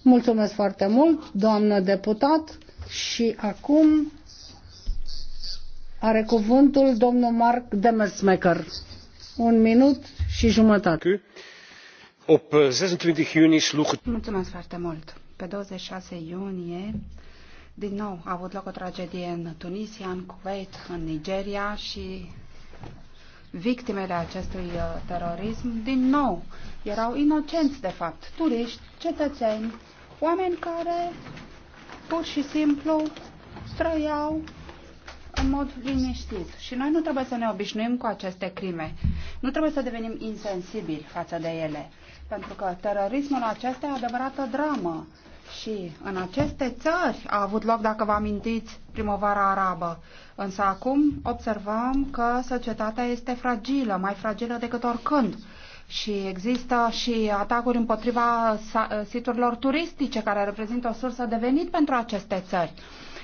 Mulțumesc foarte mult, doamnă deputat, și acum are cuvântul domnul Mark Demersmaker. Un minut și jumătate. Op 26 eh, iunie Mulțumesc foarte mult. Pe 26 iunie din nou a avut loc o tragedie în Tunisia, în Kuwait, în Nigeria și victimele acestui uh, terorism, din nou, erau inocenți, de fapt, turiști, cetățeni, oameni care pur și simplu străiau în mod liniștit. Și noi nu trebuie să ne obișnuim cu aceste crime. Nu trebuie să devenim insensibili față de ele. Pentru că terorismul acesta e adevărată dramă. Și în aceste țări a avut loc, dacă vă amintiți, primăvara arabă. Însă acum observăm că societatea este fragilă, mai fragilă decât oricând. Și există și atacuri împotriva siturilor turistice, care reprezintă o sursă de venit pentru aceste țări.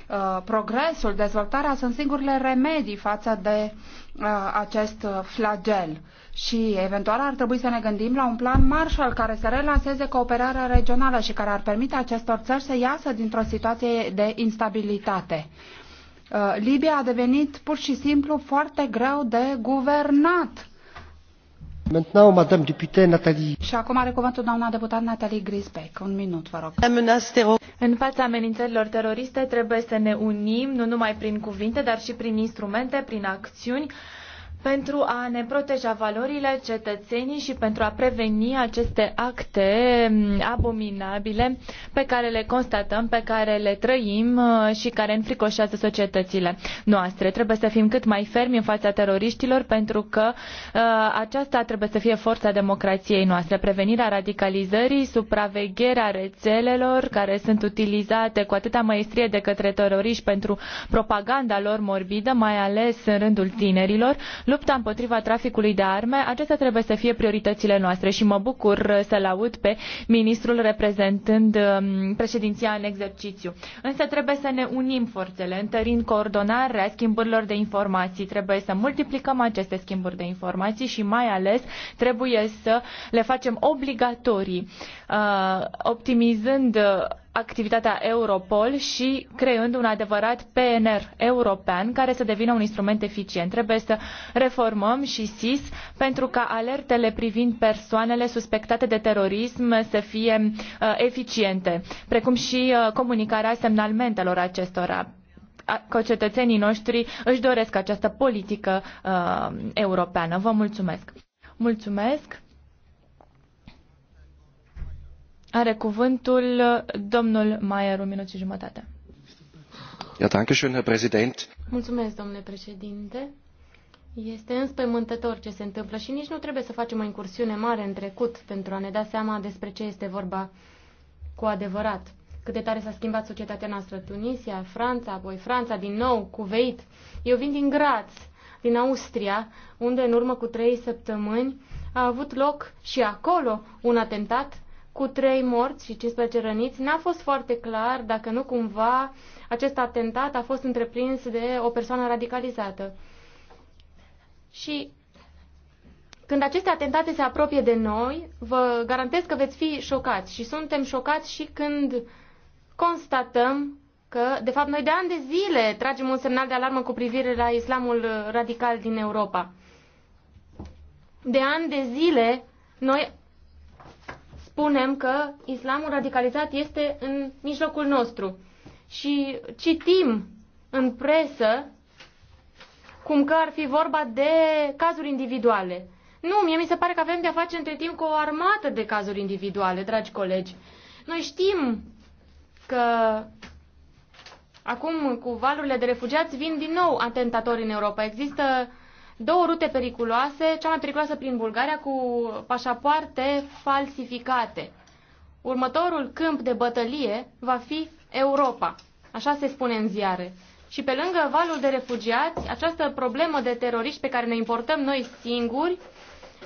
Uh, progresul, dezvoltarea sunt singurile remedii față de uh, acest flagel și eventual ar trebui să ne gândim la un plan Marshall care să relanseze cooperarea regională și care ar permite acestor țări să iasă dintr-o situație de instabilitate. Uh, Libia a devenit pur și simplu foarte greu de guvernat. Maintenant, Madame députée Nathalie. Și acum are cuvântul doamna deputat Nathalie Grisbeck. Un minut, vă rog. În fața amenințărilor teroriste trebuie să ne unim, nu numai prin cuvinte, dar și prin instrumente, prin acțiuni pentru a ne proteja valorile cetățenii și pentru a preveni aceste acte mm, abominabile pe care le constatăm, pe care le trăim uh, și care înfricoșează societățile noastre. Trebuie să fim cât mai fermi în fața teroriștilor pentru că uh, aceasta trebuie să fie forța democrației noastre. Prevenirea radicalizării, supravegherea rețelelor care sunt utilizate cu atâta măestrie de către teroriști pentru propaganda lor morbidă, mai ales în rândul tinerilor, Lupta împotriva traficului de arme, acestea trebuie să fie prioritățile noastre și mă bucur să-l aud pe ministrul reprezentând um, președinția în exercițiu. Însă trebuie să ne unim forțele, întărind coordonarea schimburilor de informații. Trebuie să multiplicăm aceste schimburi de informații și mai ales trebuie să le facem obligatorii, uh, optimizând uh, activitatea Europol și creând un adevărat PNR european care să devină un instrument eficient. Trebuie să reformăm și SIS pentru ca alertele privind persoanele suspectate de terorism să fie uh, eficiente, precum și uh, comunicarea semnalmentelor acestora că cetățenii noștri își doresc această politică uh, europeană. Vă mulțumesc! Mulțumesc! Are cuvântul domnul Maier, un minut și jumătate. Ja, danke schön, Herr Präsident. Mulțumesc, domnule președinte. Este înspăimântător ce se întâmplă și nici nu trebuie să facem o incursiune mare în trecut pentru a ne da seama despre ce este vorba cu adevărat. Cât de tare s-a schimbat societatea noastră, Tunisia, Franța, apoi Franța, din nou, Cuveit. Eu vin din Graz, din Austria, unde în urmă cu trei săptămâni a avut loc și acolo un atentat cu trei morți și 15 răniți. N-a fost foarte clar dacă nu cumva acest atentat a fost întreprins de o persoană radicalizată. Și când aceste atentate se apropie de noi, vă garantez că veți fi șocați și suntem șocați și când constatăm că, de fapt, noi de ani de zile tragem un semnal de alarmă cu privire la islamul radical din Europa. De ani de zile noi spunem că islamul radicalizat este în mijlocul nostru. Și citim în presă cum că ar fi vorba de cazuri individuale. Nu, mie mi se pare că avem de-a face între timp cu o armată de cazuri individuale, dragi colegi. Noi știm că acum cu valurile de refugiați vin din nou atentatori în Europa. Există două rute periculoase, cea mai periculoasă prin Bulgaria cu pașapoarte falsificate. Următorul câmp de bătălie va fi Europa, așa se spune în ziare. Și pe lângă valul de refugiați, această problemă de teroriști pe care ne importăm noi singuri,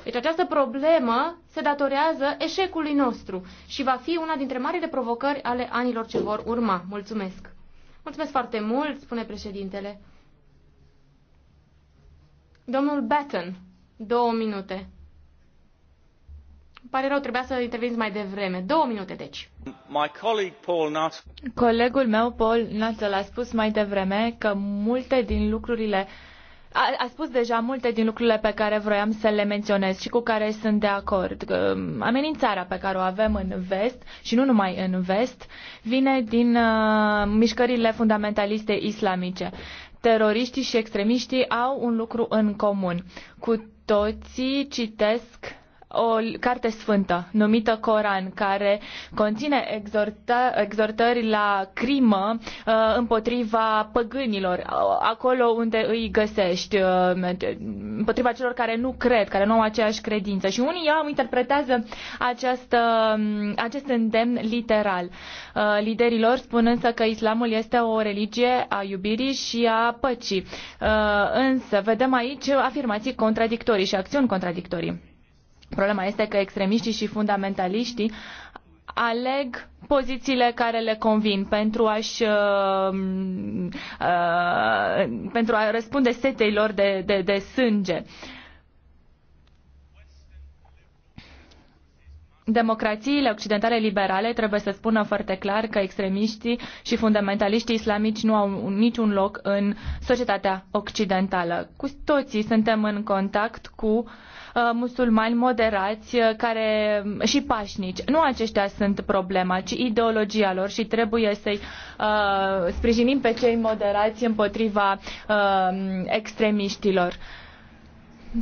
deci această problemă se datorează eșecului nostru și va fi una dintre marile provocări ale anilor ce vor urma. Mulțumesc! Mulțumesc foarte mult, spune președintele. Domnul Batten, două minute. Îmi pare rău, trebuia să interveniți mai devreme. Două minute, deci. My colleague Paul Nutt... Colegul meu, Paul Nuttall, a spus mai devreme că multe din lucrurile a, a spus deja multe din lucrurile pe care vroiam să le menționez și cu care sunt de acord. Um, amenințarea pe care o avem în vest și nu numai în vest vine din uh, mișcările fundamentaliste islamice. Uh, teroriștii și extremiștii au un lucru în comun. Cu toții citesc o carte sfântă numită Coran, care conține exhortă, exhortări la crimă uh, împotriva păgânilor, uh, acolo unde îi găsești, uh, împotriva celor care nu cred, care nu au aceeași credință. Și unii au interpretează această, um, acest îndemn literal. Liderii lor spun însă că islamul este o religie a iubirii și a păcii. Însă vedem aici afirmații contradictorii și acțiuni contradictorii. Problema este că extremiștii și fundamentaliștii aleg pozițiile care le convin pentru a-și uh, uh, pentru a răspunde setei lor de, de, de sânge. Democrațiile occidentale liberale trebuie să spună foarte clar că extremiștii și fundamentaliștii islamici nu au niciun loc în societatea occidentală. Cu toții suntem în contact cu uh, Uh, musulmani moderați uh, care, și pașnici. Nu aceștia sunt problema, ci ideologia lor și trebuie să-i uh, sprijinim pe cei moderați împotriva uh, extremiștilor.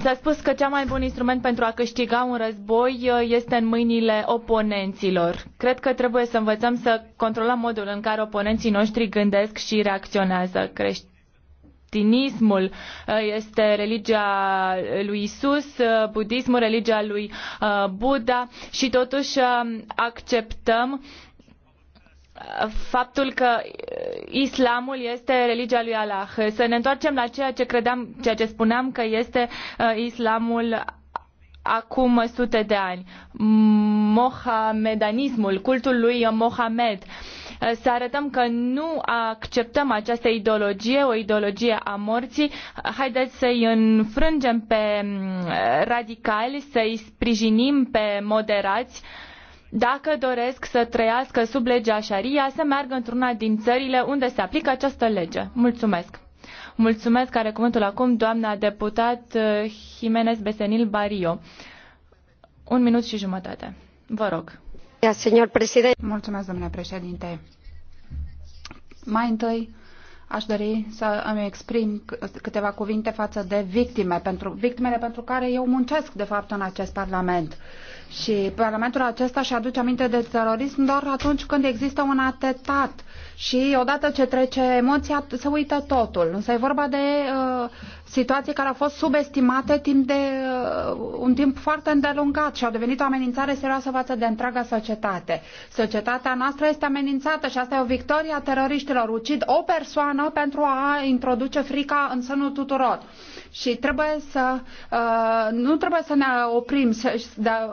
S-a spus că cel mai bun instrument pentru a câștiga un război uh, este în mâinile oponenților. Cred că trebuie să învățăm să controlăm modul în care oponenții noștri gândesc și reacționează. Crești creștinismul uh, este religia lui Isus, uh, budismul religia lui uh, Buddha și totuși um, acceptăm faptul că islamul este religia lui Allah. Să ne întoarcem la ceea ce credeam, ceea ce spuneam că este islamul acum sute de ani. Mohamedanismul, cultul lui Mohamed. Uh, să arătăm că nu acceptăm această ideologie, o ideologie a morții. Haideți să-i înfrângem pe mm, radicali, să-i sprijinim pe moderați dacă doresc să trăiască sub legea Sharia, să meargă într-una din țările unde se aplică această lege. Mulțumesc! Mulțumesc, care cuvântul acum, doamna deputat uh, Jimenez Besenil Barrio. Un minut și jumătate. Vă rog. Mulțumesc, domnule președinte. Mai întâi, aș dori să îmi exprim câteva cuvinte față de victime, pentru, victimele pentru care eu muncesc, de fapt, în acest Parlament. Și Parlamentul acesta și aduce aminte de terorism doar atunci când există un atentat. Și odată ce trece emoția, se uită totul. Însă e vorba de uh, situații care au fost subestimate timp de uh, un timp foarte îndelungat și au devenit o amenințare serioasă față de întreaga societate. Societatea noastră este amenințată și asta e o victorie a teroriștilor. Ucid o persoană pentru a introduce frica în sânul tuturor. Și trebuie să, uh, nu trebuie să ne oprim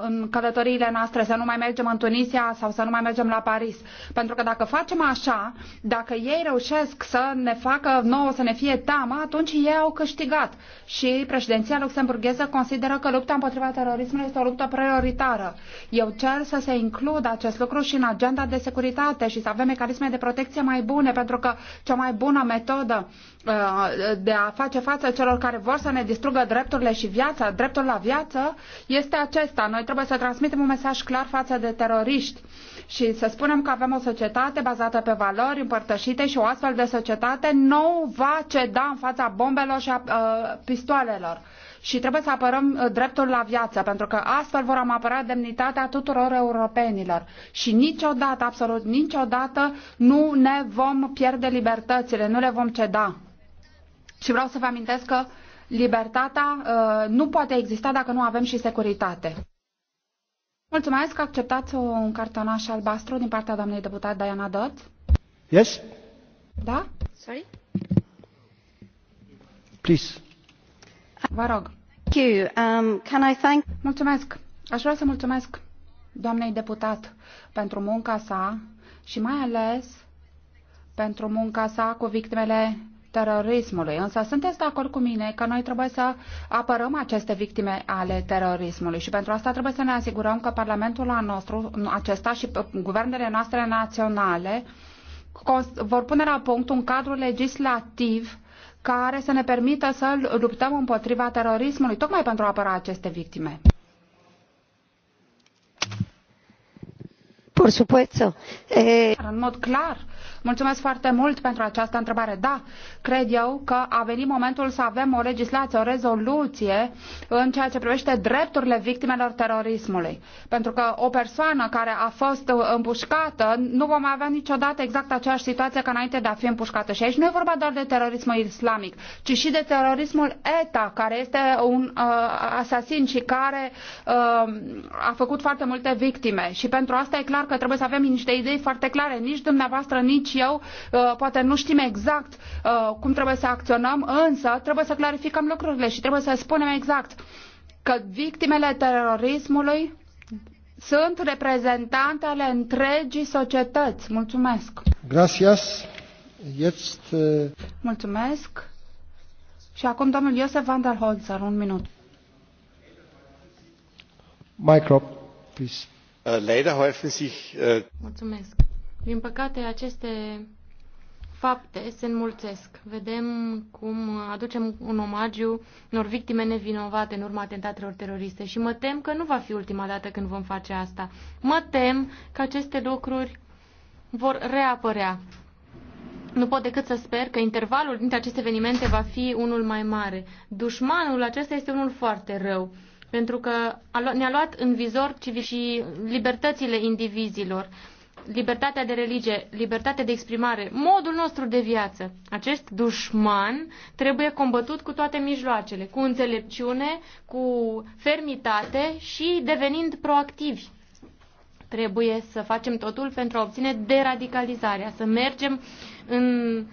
în călătoriile noastre, să nu mai mergem în Tunisia sau să nu mai mergem la Paris. Pentru că dacă facem așa, dacă ei reușesc să ne facă nouă, să ne fie teamă, atunci ei au câștigat câștigat și președinția luxemburgheză consideră că lupta împotriva terorismului este o luptă prioritară. Eu cer să se includă acest lucru și în agenda de securitate și să avem mecanisme de protecție mai bune, pentru că cea mai bună metodă uh, de a face față celor care vor să ne distrugă drepturile și viața, dreptul la viață, este acesta. Noi trebuie să transmitem un mesaj clar față de teroriști și să spunem că avem o societate bazată pe valori împărtășite și o astfel de societate nu va ceda în fața bombelor și a a pistoalelor. Și trebuie să apărăm uh, dreptul la viață, pentru că astfel vor apăra demnitatea tuturor europenilor. Și niciodată, absolut niciodată, nu ne vom pierde libertățile, nu le vom ceda. Și vreau să vă amintesc că libertatea uh, nu poate exista dacă nu avem și securitate. Mulțumesc că acceptați un cartonaș albastru din partea doamnei deputat Diana Dot. Yes? Da? Sorry? Please. Vă rog. Thank you. Um, can I thank... Mulțumesc. Aș vrea să mulțumesc doamnei deputat pentru munca sa și mai ales pentru munca sa cu victimele terorismului. Însă sunteți de acord cu mine că noi trebuie să apărăm aceste victime ale terorismului și pentru asta trebuie să ne asigurăm că Parlamentul nostru, acesta și uh, guvernele noastre naționale vor pune la punct un cadru legislativ care să ne permită să luptăm împotriva terorismului, tocmai pentru a apăra aceste victime. Por supuesto. Eh... În mod clar, Mulțumesc foarte mult pentru această întrebare. Da, cred eu că a venit momentul să avem o legislație, o rezoluție în ceea ce privește drepturile victimelor terorismului. Pentru că o persoană care a fost împușcată nu vom avea niciodată exact aceeași situație ca înainte de a fi împușcată. Și aici nu e vorba doar de terorismul islamic, ci și de terorismul ETA, care este un uh, asasin și care uh, a făcut foarte multe victime. Și pentru asta e clar că trebuie să avem niște idei foarte clare. Nici dumneavoastră, nici și eu uh, poate nu știm exact uh, cum trebuie să acționăm, însă trebuie să clarificăm lucrurile și trebuie să spunem exact că victimele terorismului sunt reprezentante ale întregii societăți. Mulțumesc! Gracias. Jetzt, uh, Mulțumesc! Și acum domnul Iosef van der Holzer, un minut. Micro, please. Uh, leider häufen sich, uh... Mulțumesc. Din păcate, aceste fapte se înmulțesc. Vedem cum aducem un omagiu unor victime nevinovate în urma atentatelor teroriste și mă tem că nu va fi ultima dată când vom face asta. Mă tem că aceste lucruri vor reapărea. Nu pot decât să sper că intervalul dintre aceste evenimente va fi unul mai mare. Dușmanul acesta este unul foarte rău, pentru că ne-a luat în vizor și libertățile indivizilor libertatea de religie, libertatea de exprimare, modul nostru de viață. Acest dușman trebuie combătut cu toate mijloacele, cu înțelepciune, cu fermitate și devenind proactivi. Trebuie să facem totul pentru a obține deradicalizarea, să mergem în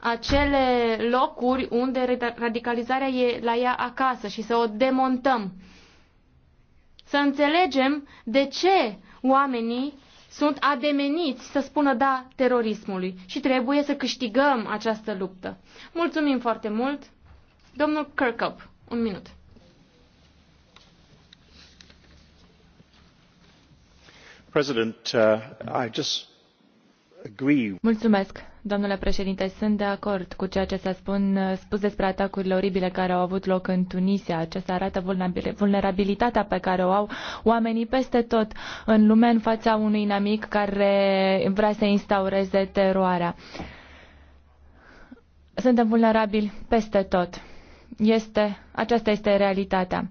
acele locuri unde radicalizarea e la ea acasă și să o demontăm. Să înțelegem de ce oamenii sunt ademeniți să spună da terorismului și trebuie să câștigăm această luptă. Mulțumim foarte mult. Domnul Kirkup, un minut. President, uh, I just Mulțumesc, domnule președinte. Sunt de acord cu ceea ce s-a spus despre atacurile oribile care au avut loc în Tunisia. Acesta arată vulnerabilitatea pe care o au oamenii peste tot în lume în fața unui inamic care vrea să instaureze teroarea. Suntem vulnerabili peste tot. Este, aceasta este realitatea.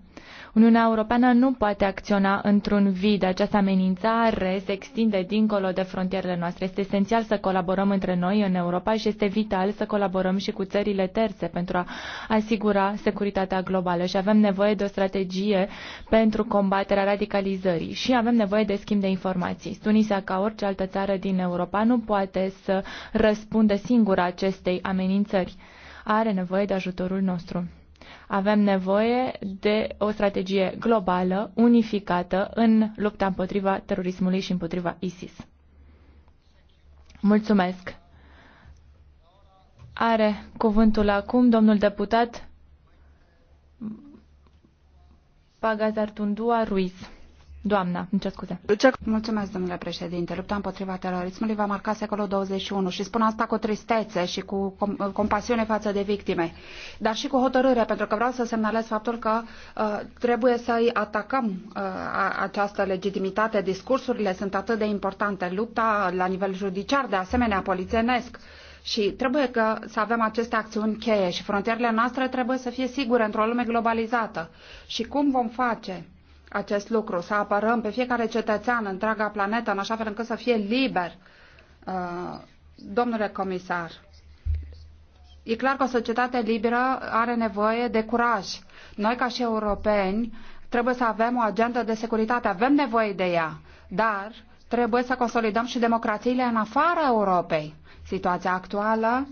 Uniunea Europeană nu poate acționa într-un vid. Această amenințare se extinde dincolo de frontierele noastre. Este esențial să colaborăm între noi în Europa și este vital să colaborăm și cu țările terțe pentru a asigura securitatea globală și avem nevoie de o strategie pentru combaterea radicalizării și avem nevoie de schimb de informații. Tunisia, ca orice altă țară din Europa, nu poate să răspundă singură acestei amenințări. Are nevoie de ajutorul nostru. Avem nevoie de o strategie globală, unificată, în lupta împotriva terorismului și împotriva ISIS. Mulțumesc. Are cuvântul acum domnul deputat Pagazartundua Ruiz. Doamna, îmi cer scuze. Mulțumesc, domnule președinte. Lupta împotriva terorismului va marca secolul 21 și spun asta cu tristețe și cu compasiune față de victime, dar și cu hotărâre, pentru că vreau să semnalez faptul că uh, trebuie să-i atacăm uh, această legitimitate. Discursurile sunt atât de importante. Lupta la nivel judiciar, de asemenea, polițienesc. Și trebuie că să avem aceste acțiuni cheie și frontierele noastre trebuie să fie sigure într-o lume globalizată. Și cum vom face? acest lucru, să apărăm pe fiecare cetățean, întreaga planetă, în așa fel încât să fie liber. Uh, domnule comisar, e clar că o societate liberă are nevoie de curaj. Noi, ca și europeni, trebuie să avem o agendă de securitate. Avem nevoie de ea, dar trebuie să consolidăm și democrațiile în afara Europei. Situația actuală,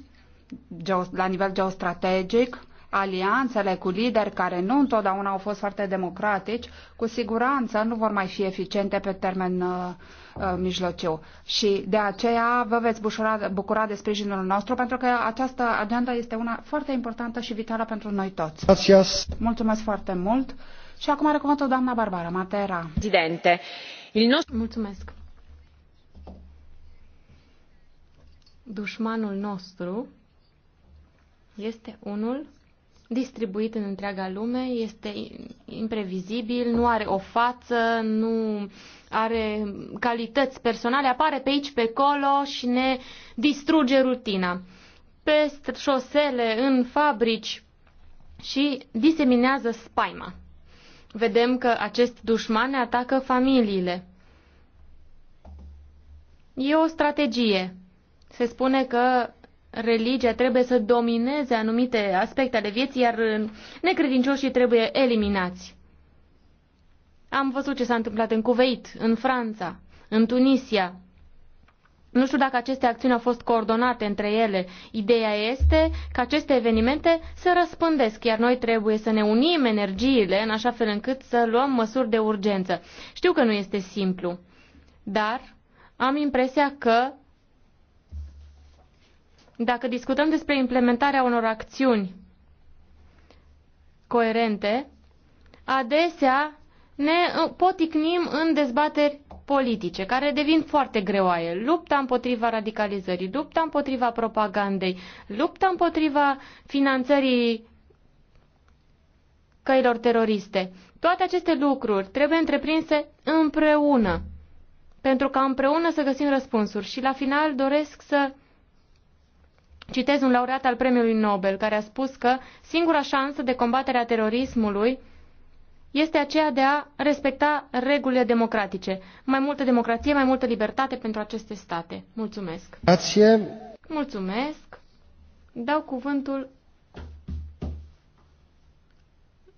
la nivel geostrategic, alianțele cu lideri care nu întotdeauna au fost foarte democratici, cu siguranță nu vor mai fi eficiente pe termen uh, uh, mijlociu. Și de aceea vă veți bușura, bucura de sprijinul nostru, pentru că această agenda este una foarte importantă și vitală pentru noi toți. Gracias. Mulțumesc foarte mult. Și acum are cuvântul doamna Barbara Matera. Presidente, il nostru... Mulțumesc. Dușmanul nostru este unul distribuit în întreaga lume, este imprevizibil, nu are o față, nu are calități personale, apare pe aici, pe acolo și ne distruge rutina. Pe șosele, în fabrici și diseminează spaima. Vedem că acest dușman ne atacă familiile. E o strategie. Se spune că religia trebuie să domineze anumite aspecte ale vieții, iar uh, necredincioșii trebuie eliminați. Am văzut ce s-a întâmplat în Cuveit, în Franța, în Tunisia. Nu știu dacă aceste acțiuni au fost coordonate între ele. Ideea este că aceste evenimente se răspândesc, iar noi trebuie să ne unim energiile în așa fel încât să luăm măsuri de urgență. Știu că nu este simplu, dar am impresia că dacă discutăm despre implementarea unor acțiuni coerente, adesea ne uh, poticnim în dezbateri politice, care devin foarte greoaie. Lupta împotriva radicalizării, lupta împotriva propagandei, lupta împotriva finanțării căilor teroriste. Toate aceste lucruri trebuie întreprinse împreună, pentru ca împreună să găsim răspunsuri. Și la final doresc să Citez un laureat al premiului Nobel care a spus că singura șansă de combatere a terorismului este aceea de a respecta regulile democratice. Mai multă democrație, mai multă libertate pentru aceste state. Mulțumesc. Grazie. Mulțumesc. Dau cuvântul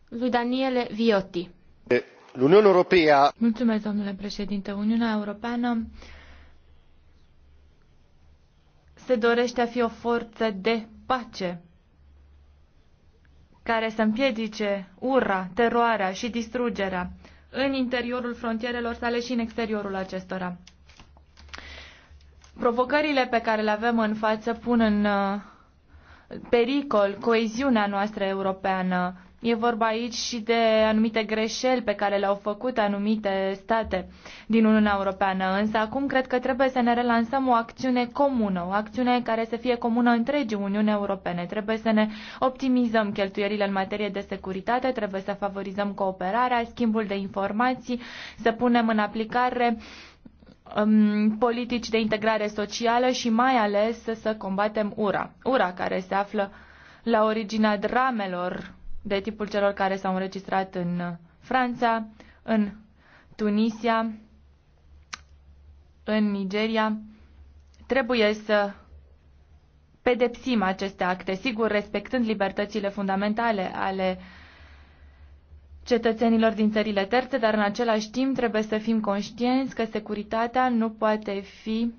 lui Daniele Viotti. Uniunea Europeană. Mulțumesc, domnule președinte. Uniunea Europeană se dorește a fi o forță de pace care să împiedice ura, teroarea și distrugerea în interiorul frontierelor sale și în exteriorul acestora. Provocările pe care le avem în față pun în uh, pericol coeziunea noastră europeană, E vorba aici și de anumite greșeli pe care le-au făcut anumite state din Uniunea Europeană, însă acum cred că trebuie să ne relansăm o acțiune comună, o acțiune care să fie comună întregii Uniunii Europene. Trebuie să ne optimizăm cheltuielile în materie de securitate, trebuie să favorizăm cooperarea, schimbul de informații, să punem în aplicare um, politici de integrare socială și mai ales să combatem ura. Ura care se află la originea dramelor de tipul celor care s-au înregistrat în uh, Franța, în Tunisia, în Nigeria. Trebuie să pedepsim aceste acte, sigur, respectând libertățile fundamentale ale cetățenilor din țările terțe, dar în același timp trebuie să fim conștienți că securitatea nu poate fi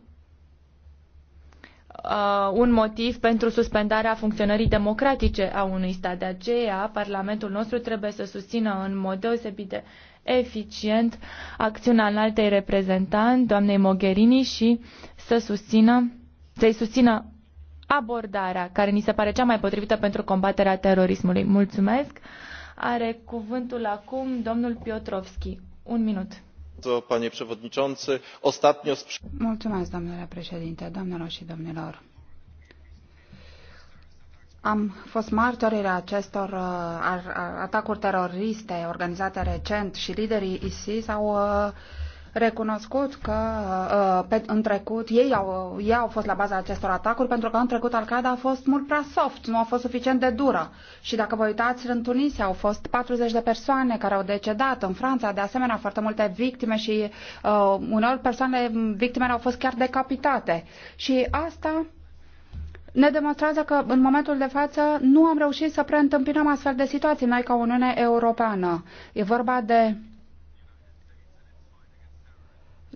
uh, un motiv pentru suspendarea funcționării democratice a unui stat. De aceea, Parlamentul nostru trebuie să susțină în mod deosebit de eficient acțiunea înaltei reprezentant, doamnei Mogherini, și să susțină, să-i susțină abordarea care ni se pare cea mai potrivită pentru combaterea terorismului. Mulțumesc! Are cuvântul acum domnul Piotrovski. Un minut. Mulțumesc, domnule președinte, doamnelor și domnilor. Am fost martorii acestor uh, atacuri teroriste organizate recent și liderii ISIS au uh, recunoscut că uh, pe, în trecut ei au, ei au fost la baza acestor atacuri pentru că în trecut Al-Qaeda a fost mult prea soft, nu a fost suficient de dură. Și dacă vă uitați, în Tunisia au fost 40 de persoane care au decedat, în Franța de asemenea foarte multe victime și uh, uneori persoanele, victimele au fost chiar decapitate. Și asta ne demonstrează că în momentul de față nu am reușit să preîntâmpinăm astfel de situații noi ca Uniune Europeană. E vorba de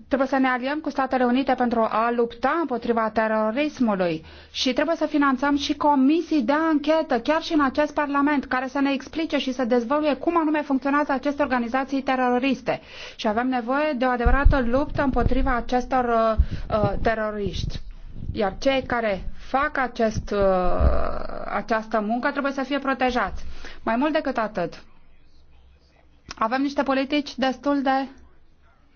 Trebuie să ne aliem cu Statele Unite pentru a lupta împotriva terorismului și trebuie să finanțăm și comisii de anchetă, chiar și în acest Parlament, care să ne explice și să dezvăluie cum anume funcționează aceste organizații teroriste. Și avem nevoie de o adevărată luptă împotriva acestor uh, uh teroriști. Iar cei care fac acest, uh, această muncă trebuie să fie protejați. Mai mult decât atât, avem niște politici destul de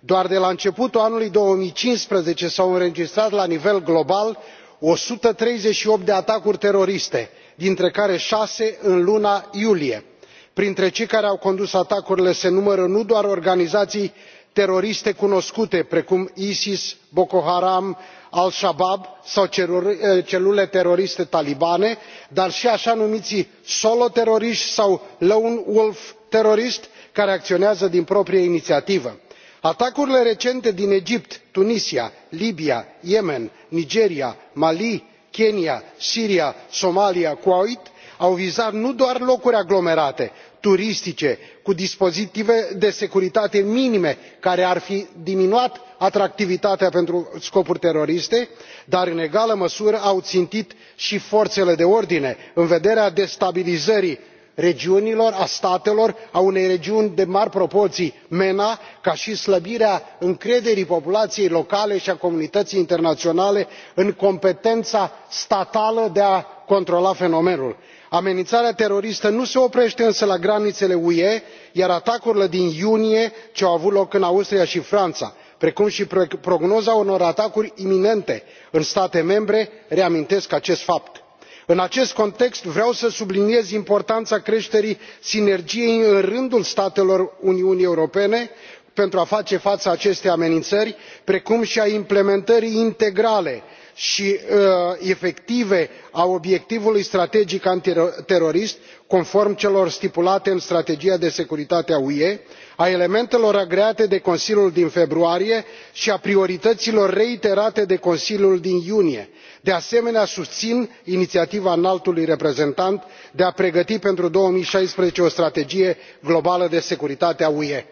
doar de la începutul anului două mii cincisprezece s au înregistrat la nivel global o sută treizeci și opt de atacuri teroriste dintre care șase în luna iulie. printre cei care au condus atacurile se numără nu doar organizații teroriste cunoscute precum isis boko haram al shabab sau eh, celule teroriste talibane dar și așa numiții solo teroriști sau lone wolf teroriști care acționează din proprie inițiativă atacurile recente din egipt tunisia libia yemen nigeria mali kenya siria somalia kuwait au vizat nu doar locuri aglomerate turistice cu dispozitive de securitate minime care ar fi diminuat atractivitatea pentru scopuri teroriste dar în egală măsură au țintit și forțele de ordine în vederea destabilizării regiunilor a statelor a unei regiuni de mari proporții mena ca și slăbirea încrederii populației locale și a comunității internaționale în competența statală de a controla fenomenul. amenințarea teroristă nu se oprește însă la granițele ue iar atacurile din iunie ce au avut loc în austria și franța precum și prognoza unor atacuri iminente în state membre reamintesc acest fapt în acest context vreau să subliniez importanța creșterii sinergiei în rândul statelor uniunii europene pentru a face față acestei amenințări precum și a implementării integrale a și uh, efective a obiectivului strategic antiterorist conform celor stipulate în strategia de securitate a ue a elementelor agreate de consiliul din februarie și a priorităților reiterate de consiliul din iunie. de asemenea susțin inițiativa înaltului reprezentant de a pregăti pentru două mii șaisprezece o strategie globală de securitate a ue.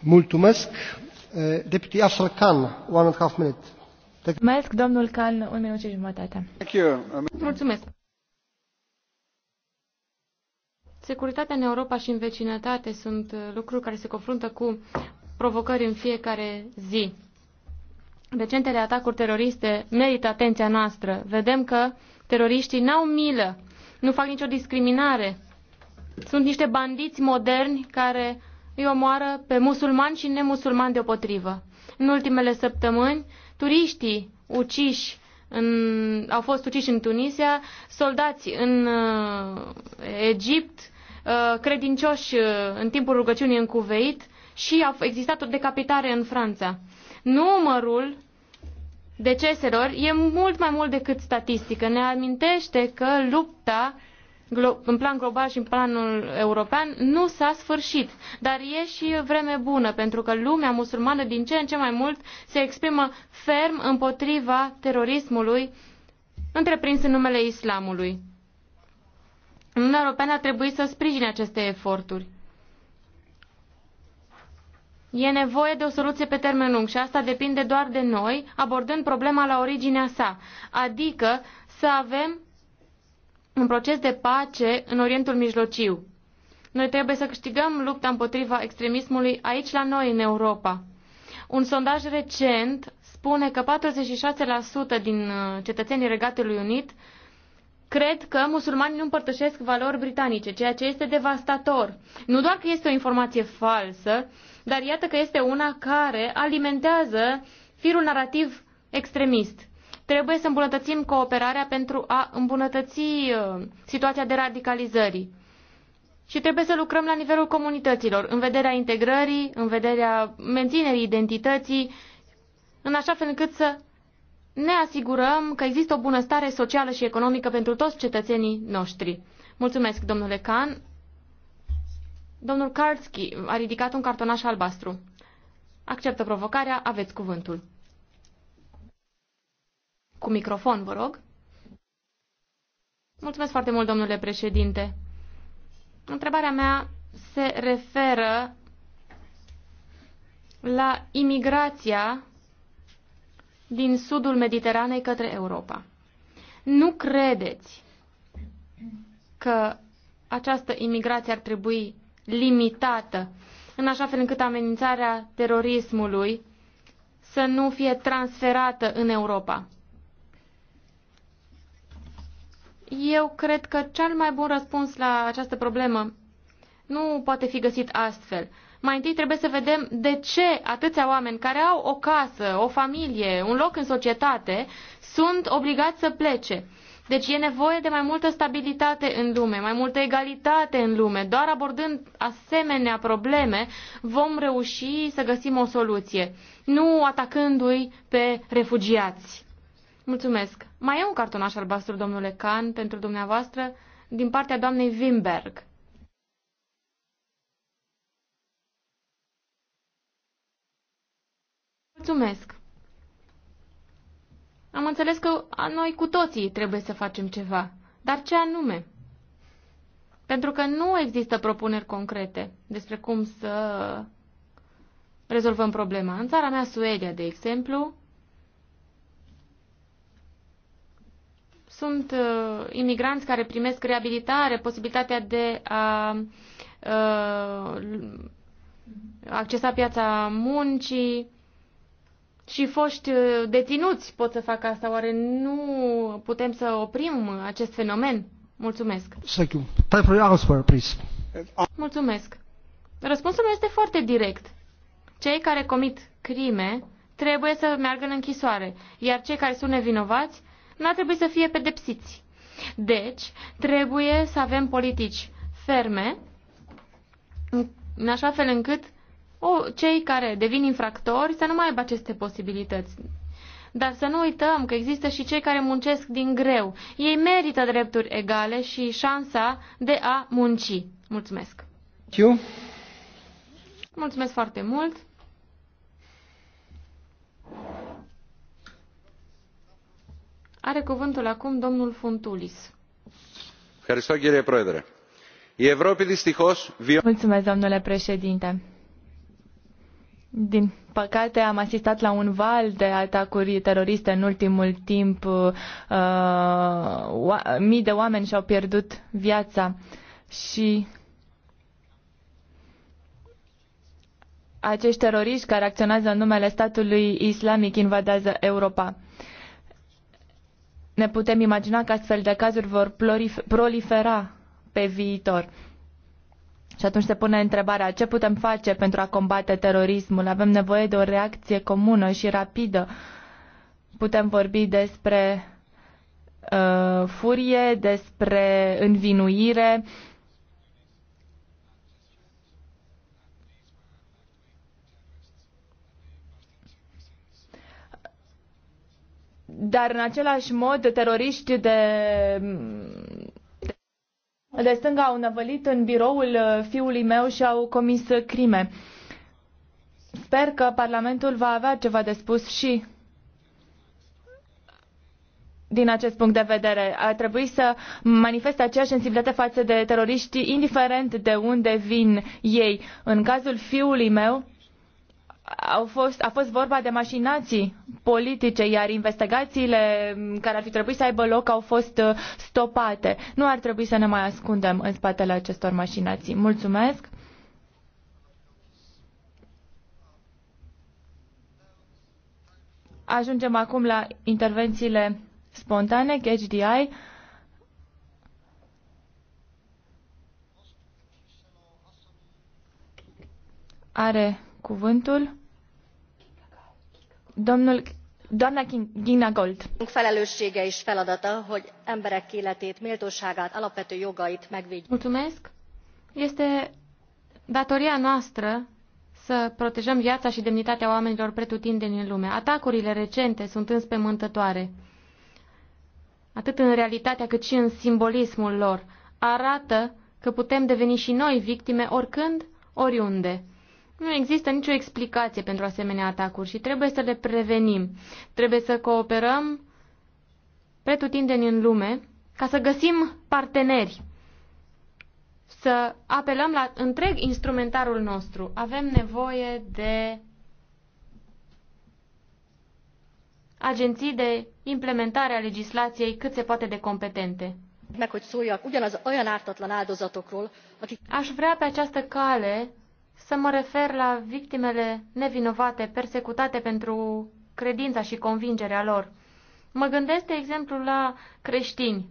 mulțumesc. Eh, Mulțumesc, domnul Khan, un minut și jumătate. Um, Mulțumesc. Securitatea în Europa și în vecinătate sunt uh, lucruri care se confruntă cu provocări în fiecare zi. Recentele atacuri teroriste merită atenția noastră. Vedem că teroriștii n-au milă, nu fac nicio discriminare. Sunt niște bandiți moderni care îi omoară pe musulmani și nemusulmani deopotrivă. În ultimele săptămâni, turiștii uciși în, au fost uciși în Tunisia, soldați în uh, Egipt, uh, credincioși uh, în timpul rugăciunii în Cuveit și a existat o decapitare în Franța. Numărul deceselor e mult mai mult decât statistică. Ne amintește că lupta uh, în plan global și în planul european nu s-a sfârșit, dar e și vreme bună pentru că lumea musulmană din ce în ce mai mult se exprimă ferm împotriva terorismului întreprins în numele islamului. Uniunea Europeană ar trebui să sprijine aceste eforturi. E nevoie de o soluție pe termen lung și asta depinde doar de noi, abordând problema la originea sa, adică să avem un proces de pace în Orientul Mijlociu. Noi trebuie să câștigăm lupta împotriva extremismului aici la noi, în Europa. Un sondaj recent spune că 46% din uh, cetățenii Regatului Unit cred că musulmanii nu împărtășesc valori britanice, ceea ce este devastator. Nu doar că este o informație falsă, dar iată că este una care alimentează firul narativ extremist. Trebuie să îmbunătățim cooperarea pentru a îmbunătăți uh, situația de radicalizării. Și trebuie să lucrăm la nivelul comunităților, în vederea integrării, în vederea menținerii identității, în așa fel încât să ne asigurăm că există o bunăstare socială și economică pentru toți cetățenii noștri. Mulțumesc, domnule Can. Domnul Karski a ridicat un cartonaș albastru. Acceptă provocarea, aveți cuvântul. Cu microfon, vă rog. Mulțumesc foarte mult, domnule președinte. Întrebarea mea se referă la imigrația din sudul Mediteranei către Europa. Nu credeți că această imigrație ar trebui limitată, în așa fel încât amenințarea terorismului să nu fie transferată în Europa? Eu cred că cel mai bun răspuns la această problemă nu poate fi găsit astfel. Mai întâi trebuie să vedem de ce atâția oameni care au o casă, o familie, un loc în societate, sunt obligați să plece. Deci e nevoie de mai multă stabilitate în lume, mai multă egalitate în lume. Doar abordând asemenea probleme vom reuși să găsim o soluție, nu atacându-i pe refugiați. Mulțumesc. Mai e un cartonaș albastru, domnule Can, pentru dumneavoastră, din partea doamnei Wimberg. Mulțumesc. Am înțeles că noi cu toții trebuie să facem ceva. Dar ce anume? Pentru că nu există propuneri concrete despre cum să rezolvăm problema. În țara mea, Suedia, de exemplu, Sunt uh, imigranți care primesc reabilitare, posibilitatea de a uh, accesa piața muncii și foști uh, deținuți pot să facă asta. Oare nu putem să oprim acest fenomen? Mulțumesc. Thank you. Time for your answer, please. Mulțumesc. Răspunsul meu este foarte direct. Cei care comit crime trebuie să meargă în închisoare, iar cei care sunt nevinovați nu ar trebui să fie pedepsiți. Deci, trebuie să avem politici ferme, în așa fel încât o, cei care devin infractori să nu mai aibă aceste posibilități. Dar să nu uităm că există și cei care muncesc din greu. Ei merită drepturi egale și șansa de a munci. Mulțumesc! You. Mulțumesc foarte mult! Are cuvântul acum domnul Funtulis. Mulțumesc, domnule președinte. Din păcate am asistat la un val de atacuri teroriste în ultimul timp. Uh, mii de oameni și-au pierdut viața și acești teroriști care acționează în numele statului islamic invadează Europa. Uh, ne putem imagina că astfel de cazuri vor prolifera pe viitor. Și atunci se pune întrebarea ce putem face pentru a combate terorismul. Avem nevoie de o reacție comună și rapidă. Putem vorbi despre uh, furie, despre învinuire, uh, dar în același mod teroriști de de stânga au năvălit în biroul uh, fiului meu și au comis crime. Sper că Parlamentul va avea ceva de spus și din acest punct de vedere. Ar trebui să manifeste aceeași sensibilitate față de teroriști, indiferent de unde vin ei. În cazul fiului meu, au fost, a fost vorba de mașinații politice, iar investigațiile care ar fi trebuit să aibă loc au fost uh, stopate. Nu ar trebui să ne mai ascundem în spatele acestor mașinații. Mulțumesc! Ajungem acum la intervențiile spontane, HDI. Are cuvântul Domnul doamna gina gold felelőssége és feladata hogy emberek életét méltóságát alapvető jogait megvédjük. este datoria noastră să protejăm viața și demnitatea oamenilor pretutindeni în lume. Atacurile recente sunt înspemântătoare, atât în realitatea cât și în simbolismul lor. Arată că putem deveni și noi victime oricând, oriunde. Nu există nicio explicație pentru asemenea atacuri și trebuie să le prevenim. Trebuie să cooperăm pretutindeni în lume ca să găsim parteneri, să apelăm la întreg instrumentarul nostru. Avem nevoie de agenții de implementare a legislației cât se poate de competente. ugyanaz áldozatokról, Aș vrea pe această cale să mă refer la victimele nevinovate persecutate pentru credința și convingerea lor. Mă gândesc, de exemplu, la creștini,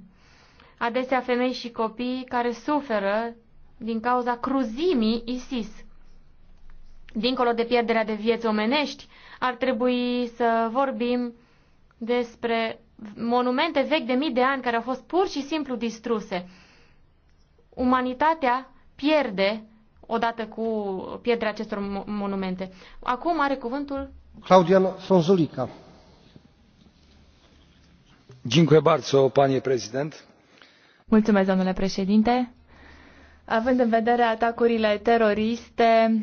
adesea femei și copii care suferă din cauza cruzimii ISIS. Dincolo de pierderea de vieți omenești, ar trebui să vorbim despre monumente vechi de mii de ani care au fost pur și simplu distruse. Umanitatea pierde odată cu pierderea acestor monumente. Acum are cuvântul... Claudian Sonzulica. Dziękuję bardzo, panie prezydent. Mulțumesc, domnule președinte. Având în vedere atacurile teroriste,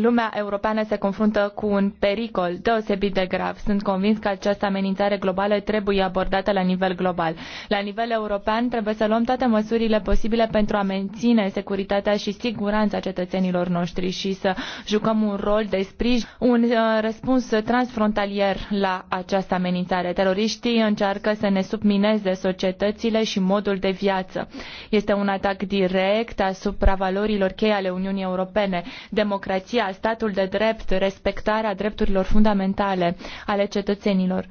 lumea europeană se confruntă cu un pericol deosebit de grav. Sunt convins că această amenințare globală trebuie abordată la nivel global. La nivel european trebuie să luăm toate măsurile posibile pentru a menține securitatea și siguranța cetățenilor noștri și să jucăm un rol de sprijin, un uh, răspuns transfrontalier la această amenințare. Teroriștii încearcă să ne submineze societățile și modul de viață. Este un atac direct asupra valorilor cheie ale Uniunii Europene, democrația democrația, statul de drept, respectarea drepturilor fundamentale ale cetățenilor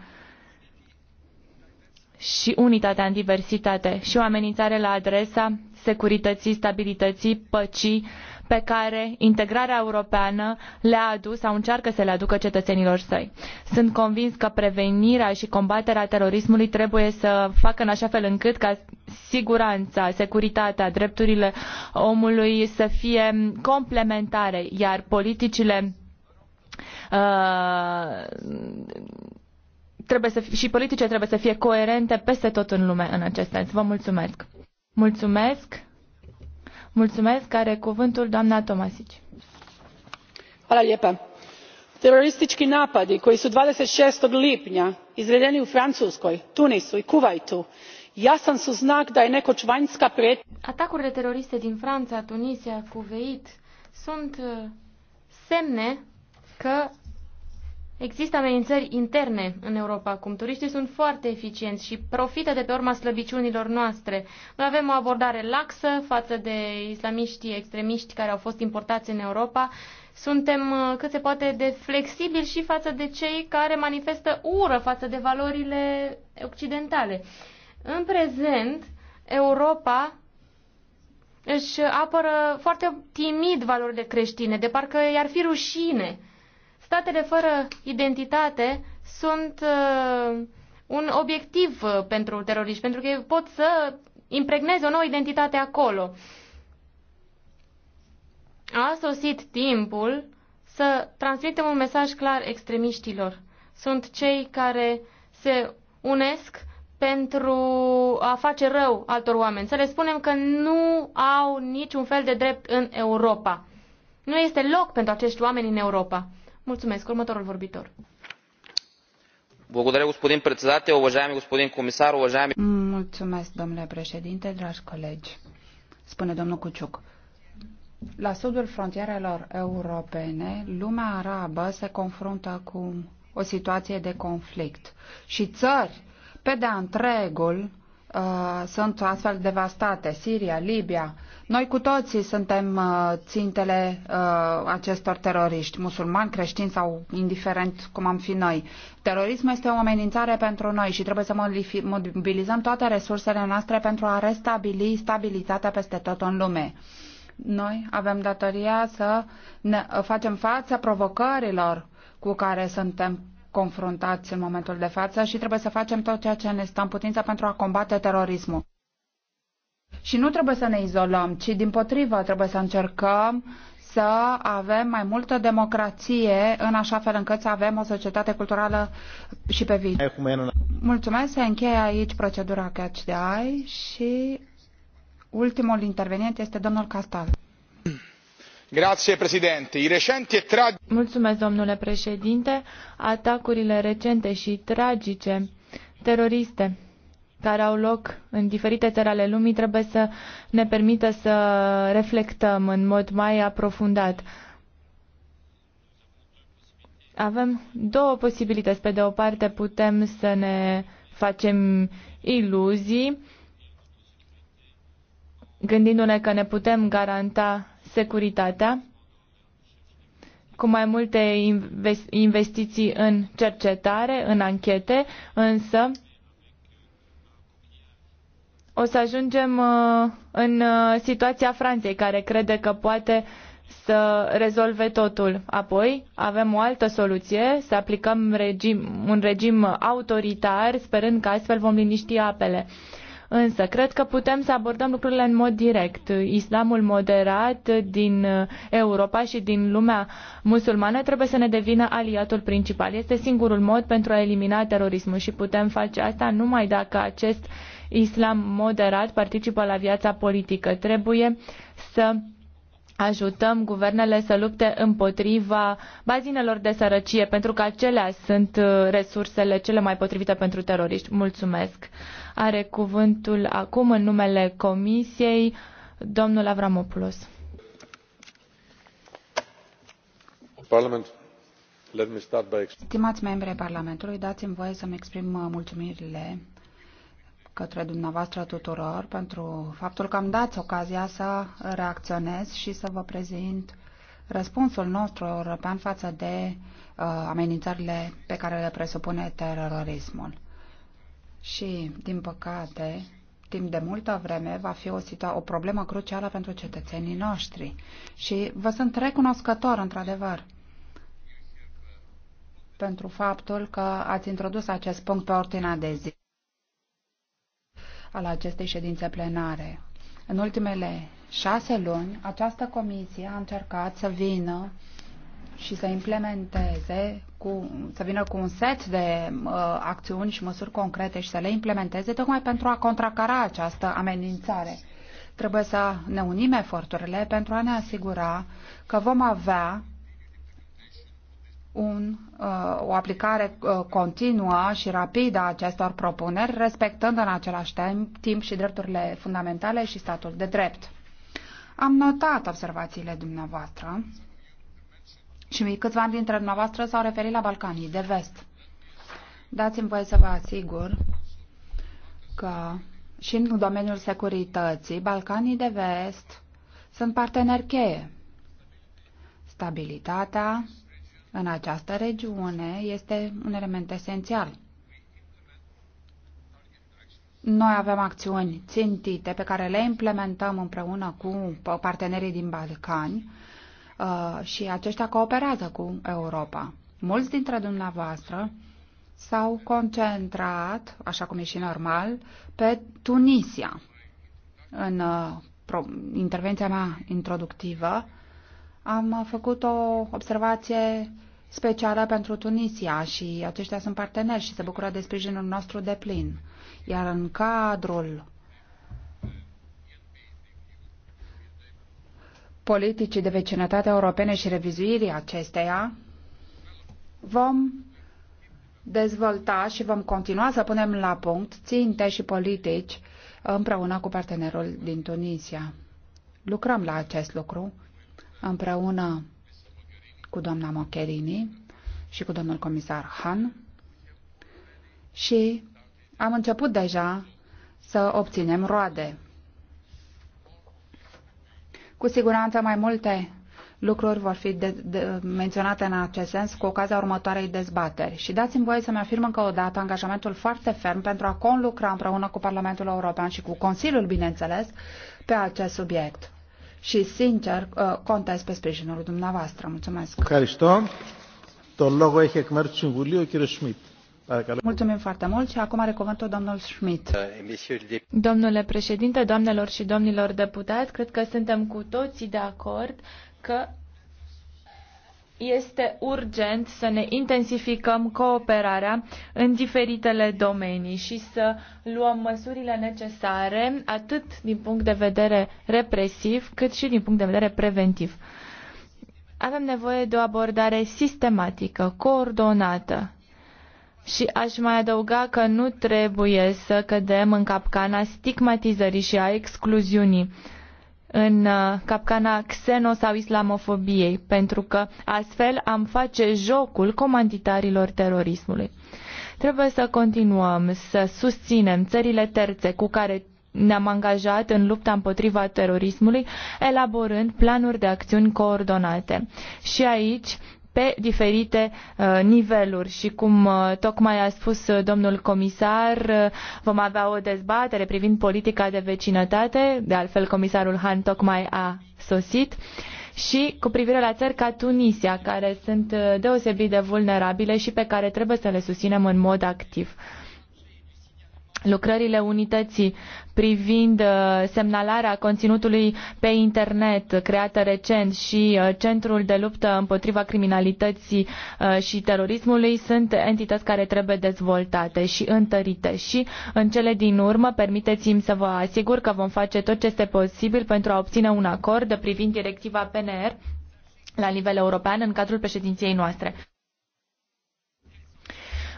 și unitatea în diversitate și o amenințare la adresa securității, stabilității, păcii pe care integrarea europeană le-a adus sau încearcă să le aducă cetățenilor săi. Sunt convins că prevenirea și combaterea terorismului trebuie să facă în așa fel încât ca siguranța, securitatea, drepturile omului să fie complementare, iar politicile uh, trebuie să și politicile trebuie să fie coerente peste tot în lume în acest sens. Vă mulțumesc! Mulțumesc! Mulțumesc, care cuvântul doamna Tomasici. Hvala lijepa. Teroristički napadi koji su 26. lipnja izvedeni u Francuskoj, Tunisu i Kuvajtu jasan su znak da je nekoć vanjska prijetnja. Atacurile teroriste din Franța, Tunisia, kuveit sunt uh, semne că Există amenințări interne în Europa acum. Turiștii sunt foarte eficienți și profită de pe urma slăbiciunilor noastre. Noi avem o abordare laxă față de islamiștii extremiști care au fost importați în Europa. Suntem uh, cât se poate de flexibili și față de cei care manifestă ură față de valorile occidentale. În prezent, Europa își apără foarte timid valorile creștine, de parcă i-ar fi rușine Statele fără identitate sunt uh, un obiectiv uh, pentru teroriști, pentru că pot să impregneze o nouă identitate acolo. A sosit timpul să transmitem un mesaj clar extremiștilor. Sunt cei care se unesc pentru a face rău altor oameni. Să le spunem că nu au niciun fel de drept în Europa. Nu este loc pentru acești oameni în Europa. Mulțumesc. Următorul vorbitor. Благодаря, господин председател, уважаеми господин комисар, уважаеми... Mulțumesc, domnule președinte, dragi colegi. Spune domnul Cuciuc. La sudul frontierelor europene, lumea arabă se confruntă cu o situație de conflict și țări pe de-a întregul uh, sunt astfel devastate. Siria, Libia, noi cu toții suntem uh, țintele uh, acestor teroriști, musulmani, creștini sau indiferent cum am fi noi. Terorismul este o amenințare pentru noi și trebuie să mobilizăm toate resursele noastre pentru a restabili stabilitatea peste tot în lume. Noi avem datoria să ne uh, facem față provocărilor cu care suntem confruntați în momentul de față și trebuie să facem tot ceea ce ne stă în putință pentru a combate terorismul. Și nu trebuie să ne izolăm, ci din potrivă trebuie să încercăm să avem mai multă democrație în așa fel încât să avem o societate culturală și pe viitor. Mulțumesc, se încheie aici procedura catch de ai și ultimul intervenient este domnul Castal. Grazie, președinte. I recenti e tra... Mulțumesc, domnule președinte. Atacurile recente și tragice teroriste care au loc în diferite țări ale lumii trebuie să ne permită să reflectăm în mod mai aprofundat. Avem două posibilități. Pe de o parte putem să ne facem iluzii gândindu-ne că ne putem garanta securitatea cu mai multe investiții în cercetare, în anchete, însă o să ajungem uh, în uh, situația Franței, care crede că poate să rezolve totul. Apoi avem o altă soluție, să aplicăm regim, un regim autoritar, sperând că astfel vom liniști apele. Uh, Însă, cred că putem să abordăm lucrurile în mod direct. Islamul moderat din uh, Europa și din lumea musulmană trebuie să ne devină aliatul principal. Este singurul mod pentru a elimina terorismul și putem face asta numai dacă acest islam moderat participă la viața politică. Trebuie să ajutăm guvernele să lupte împotriva bazinelor de sărăcie, pentru că acelea sunt uh, resursele cele mai potrivite pentru teroriști. Mulțumesc. Are cuvântul acum în numele Comisiei domnul Avramopoulos. Parlament. start Stimați membri ai Parlamentului, dați-mi voie să-mi exprim uh, mulțumirile către dumneavoastră tuturor pentru faptul că am dat ocazia să reacționez și să vă prezint răspunsul nostru european față de uh, amenințările pe care le presupune terorismul. Și, din păcate, timp de multă vreme va fi o, o problemă crucială pentru cetățenii noștri. Și vă sunt recunoscător, într-adevăr, pentru faptul că ați introdus acest punct pe ordinea de zi al acestei ședințe plenare. În ultimele șase luni, această comisie a încercat să vină și să implementeze, cu, să vină cu un set de uh, acțiuni și măsuri concrete și să le implementeze tocmai pentru a contracara această amenințare. Trebuie să ne unim eforturile pentru a ne asigura că vom avea un, uh, o aplicare uh, continuă și rapidă a acestor propuneri, respectând în același timp, timp și drepturile fundamentale și statul de drept. Am notat observațiile dumneavoastră și câțiva dintre dumneavoastră s-au referit la Balcanii de vest. Dați-mi voie să vă asigur că și în domeniul securității, Balcanii de vest sunt parteneri cheie. Stabilitatea, în această regiune este un element esențial. Noi avem acțiuni țintite pe care le implementăm împreună cu partenerii din Balcani uh, și aceștia cooperează cu Europa. Mulți dintre dumneavoastră s-au concentrat, așa cum e și normal, pe Tunisia. În uh, intervenția mea introductivă, am făcut o observație specială pentru Tunisia și aceștia sunt parteneri și se bucură de sprijinul nostru de plin. Iar în cadrul politicii de vecinătate europene și revizuirii acesteia, vom dezvolta și vom continua să punem la punct ținte și politici împreună cu partenerul din Tunisia. Lucrăm la acest lucru împreună cu doamna Mocherini și cu domnul comisar Han și am început deja să obținem roade. Cu siguranță mai multe lucruri vor fi de, de, menționate în acest sens cu ocazia următoarei dezbateri. Și dați-mi voie să-mi afirm încă o dată angajamentul foarte ferm pentru a conlucra împreună cu Parlamentul European și cu Consiliul, bineînțeles, pe acest subiect și, sincer, uh, contez pe sprijinul dumneavoastră. Mulțumesc! Mulțumim foarte mult și acum are cuvântul domnul Schmidt. Uh, Domnule președinte, doamnelor și domnilor deputați, cred că suntem cu toții de acord că este urgent să ne intensificăm cooperarea în diferitele domenii și să luăm măsurile necesare, atât din punct de vedere represiv, cât și din punct de vedere preventiv. Avem nevoie de o abordare sistematică, coordonată. Și aș mai adăuga că nu trebuie să cădem în capcana stigmatizării și a excluziunii în uh, capcana xeno sau islamofobiei, pentru că astfel am face jocul comanditarilor terorismului. Trebuie să continuăm să susținem țările terțe cu care ne-am angajat în lupta împotriva terorismului, elaborând planuri de acțiuni coordonate. Și aici pe diferite uh, niveluri și cum uh, tocmai a spus uh, domnul comisar, vom avea o dezbatere privind politica de vecinătate, de altfel comisarul Han tocmai a sosit și cu privire la țări ca Tunisia, care sunt deosebit de vulnerabile și pe care trebuie să le susținem în mod activ lucrările unității privind uh, semnalarea conținutului pe internet creată recent și uh, Centrul de luptă împotriva criminalității uh, și terorismului sunt entități care trebuie dezvoltate și întărite și în cele din urmă permiteți-mi să vă asigur că vom face tot ce este posibil pentru a obține un acord privind directiva PNR la nivel european în cadrul președinției noastre.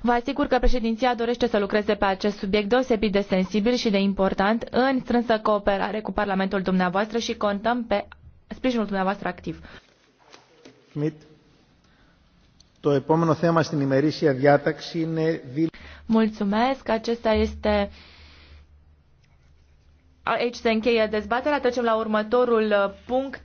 Vă asigur că președinția dorește să lucreze pe acest subiect deosebit de sensibil și de important în strânsă cooperare cu Parlamentul dumneavoastră și contăm pe sprijinul dumneavoastră activ. Mulțumesc, acesta este... Aici se încheie dezbaterea, trecem la următorul uh, punct.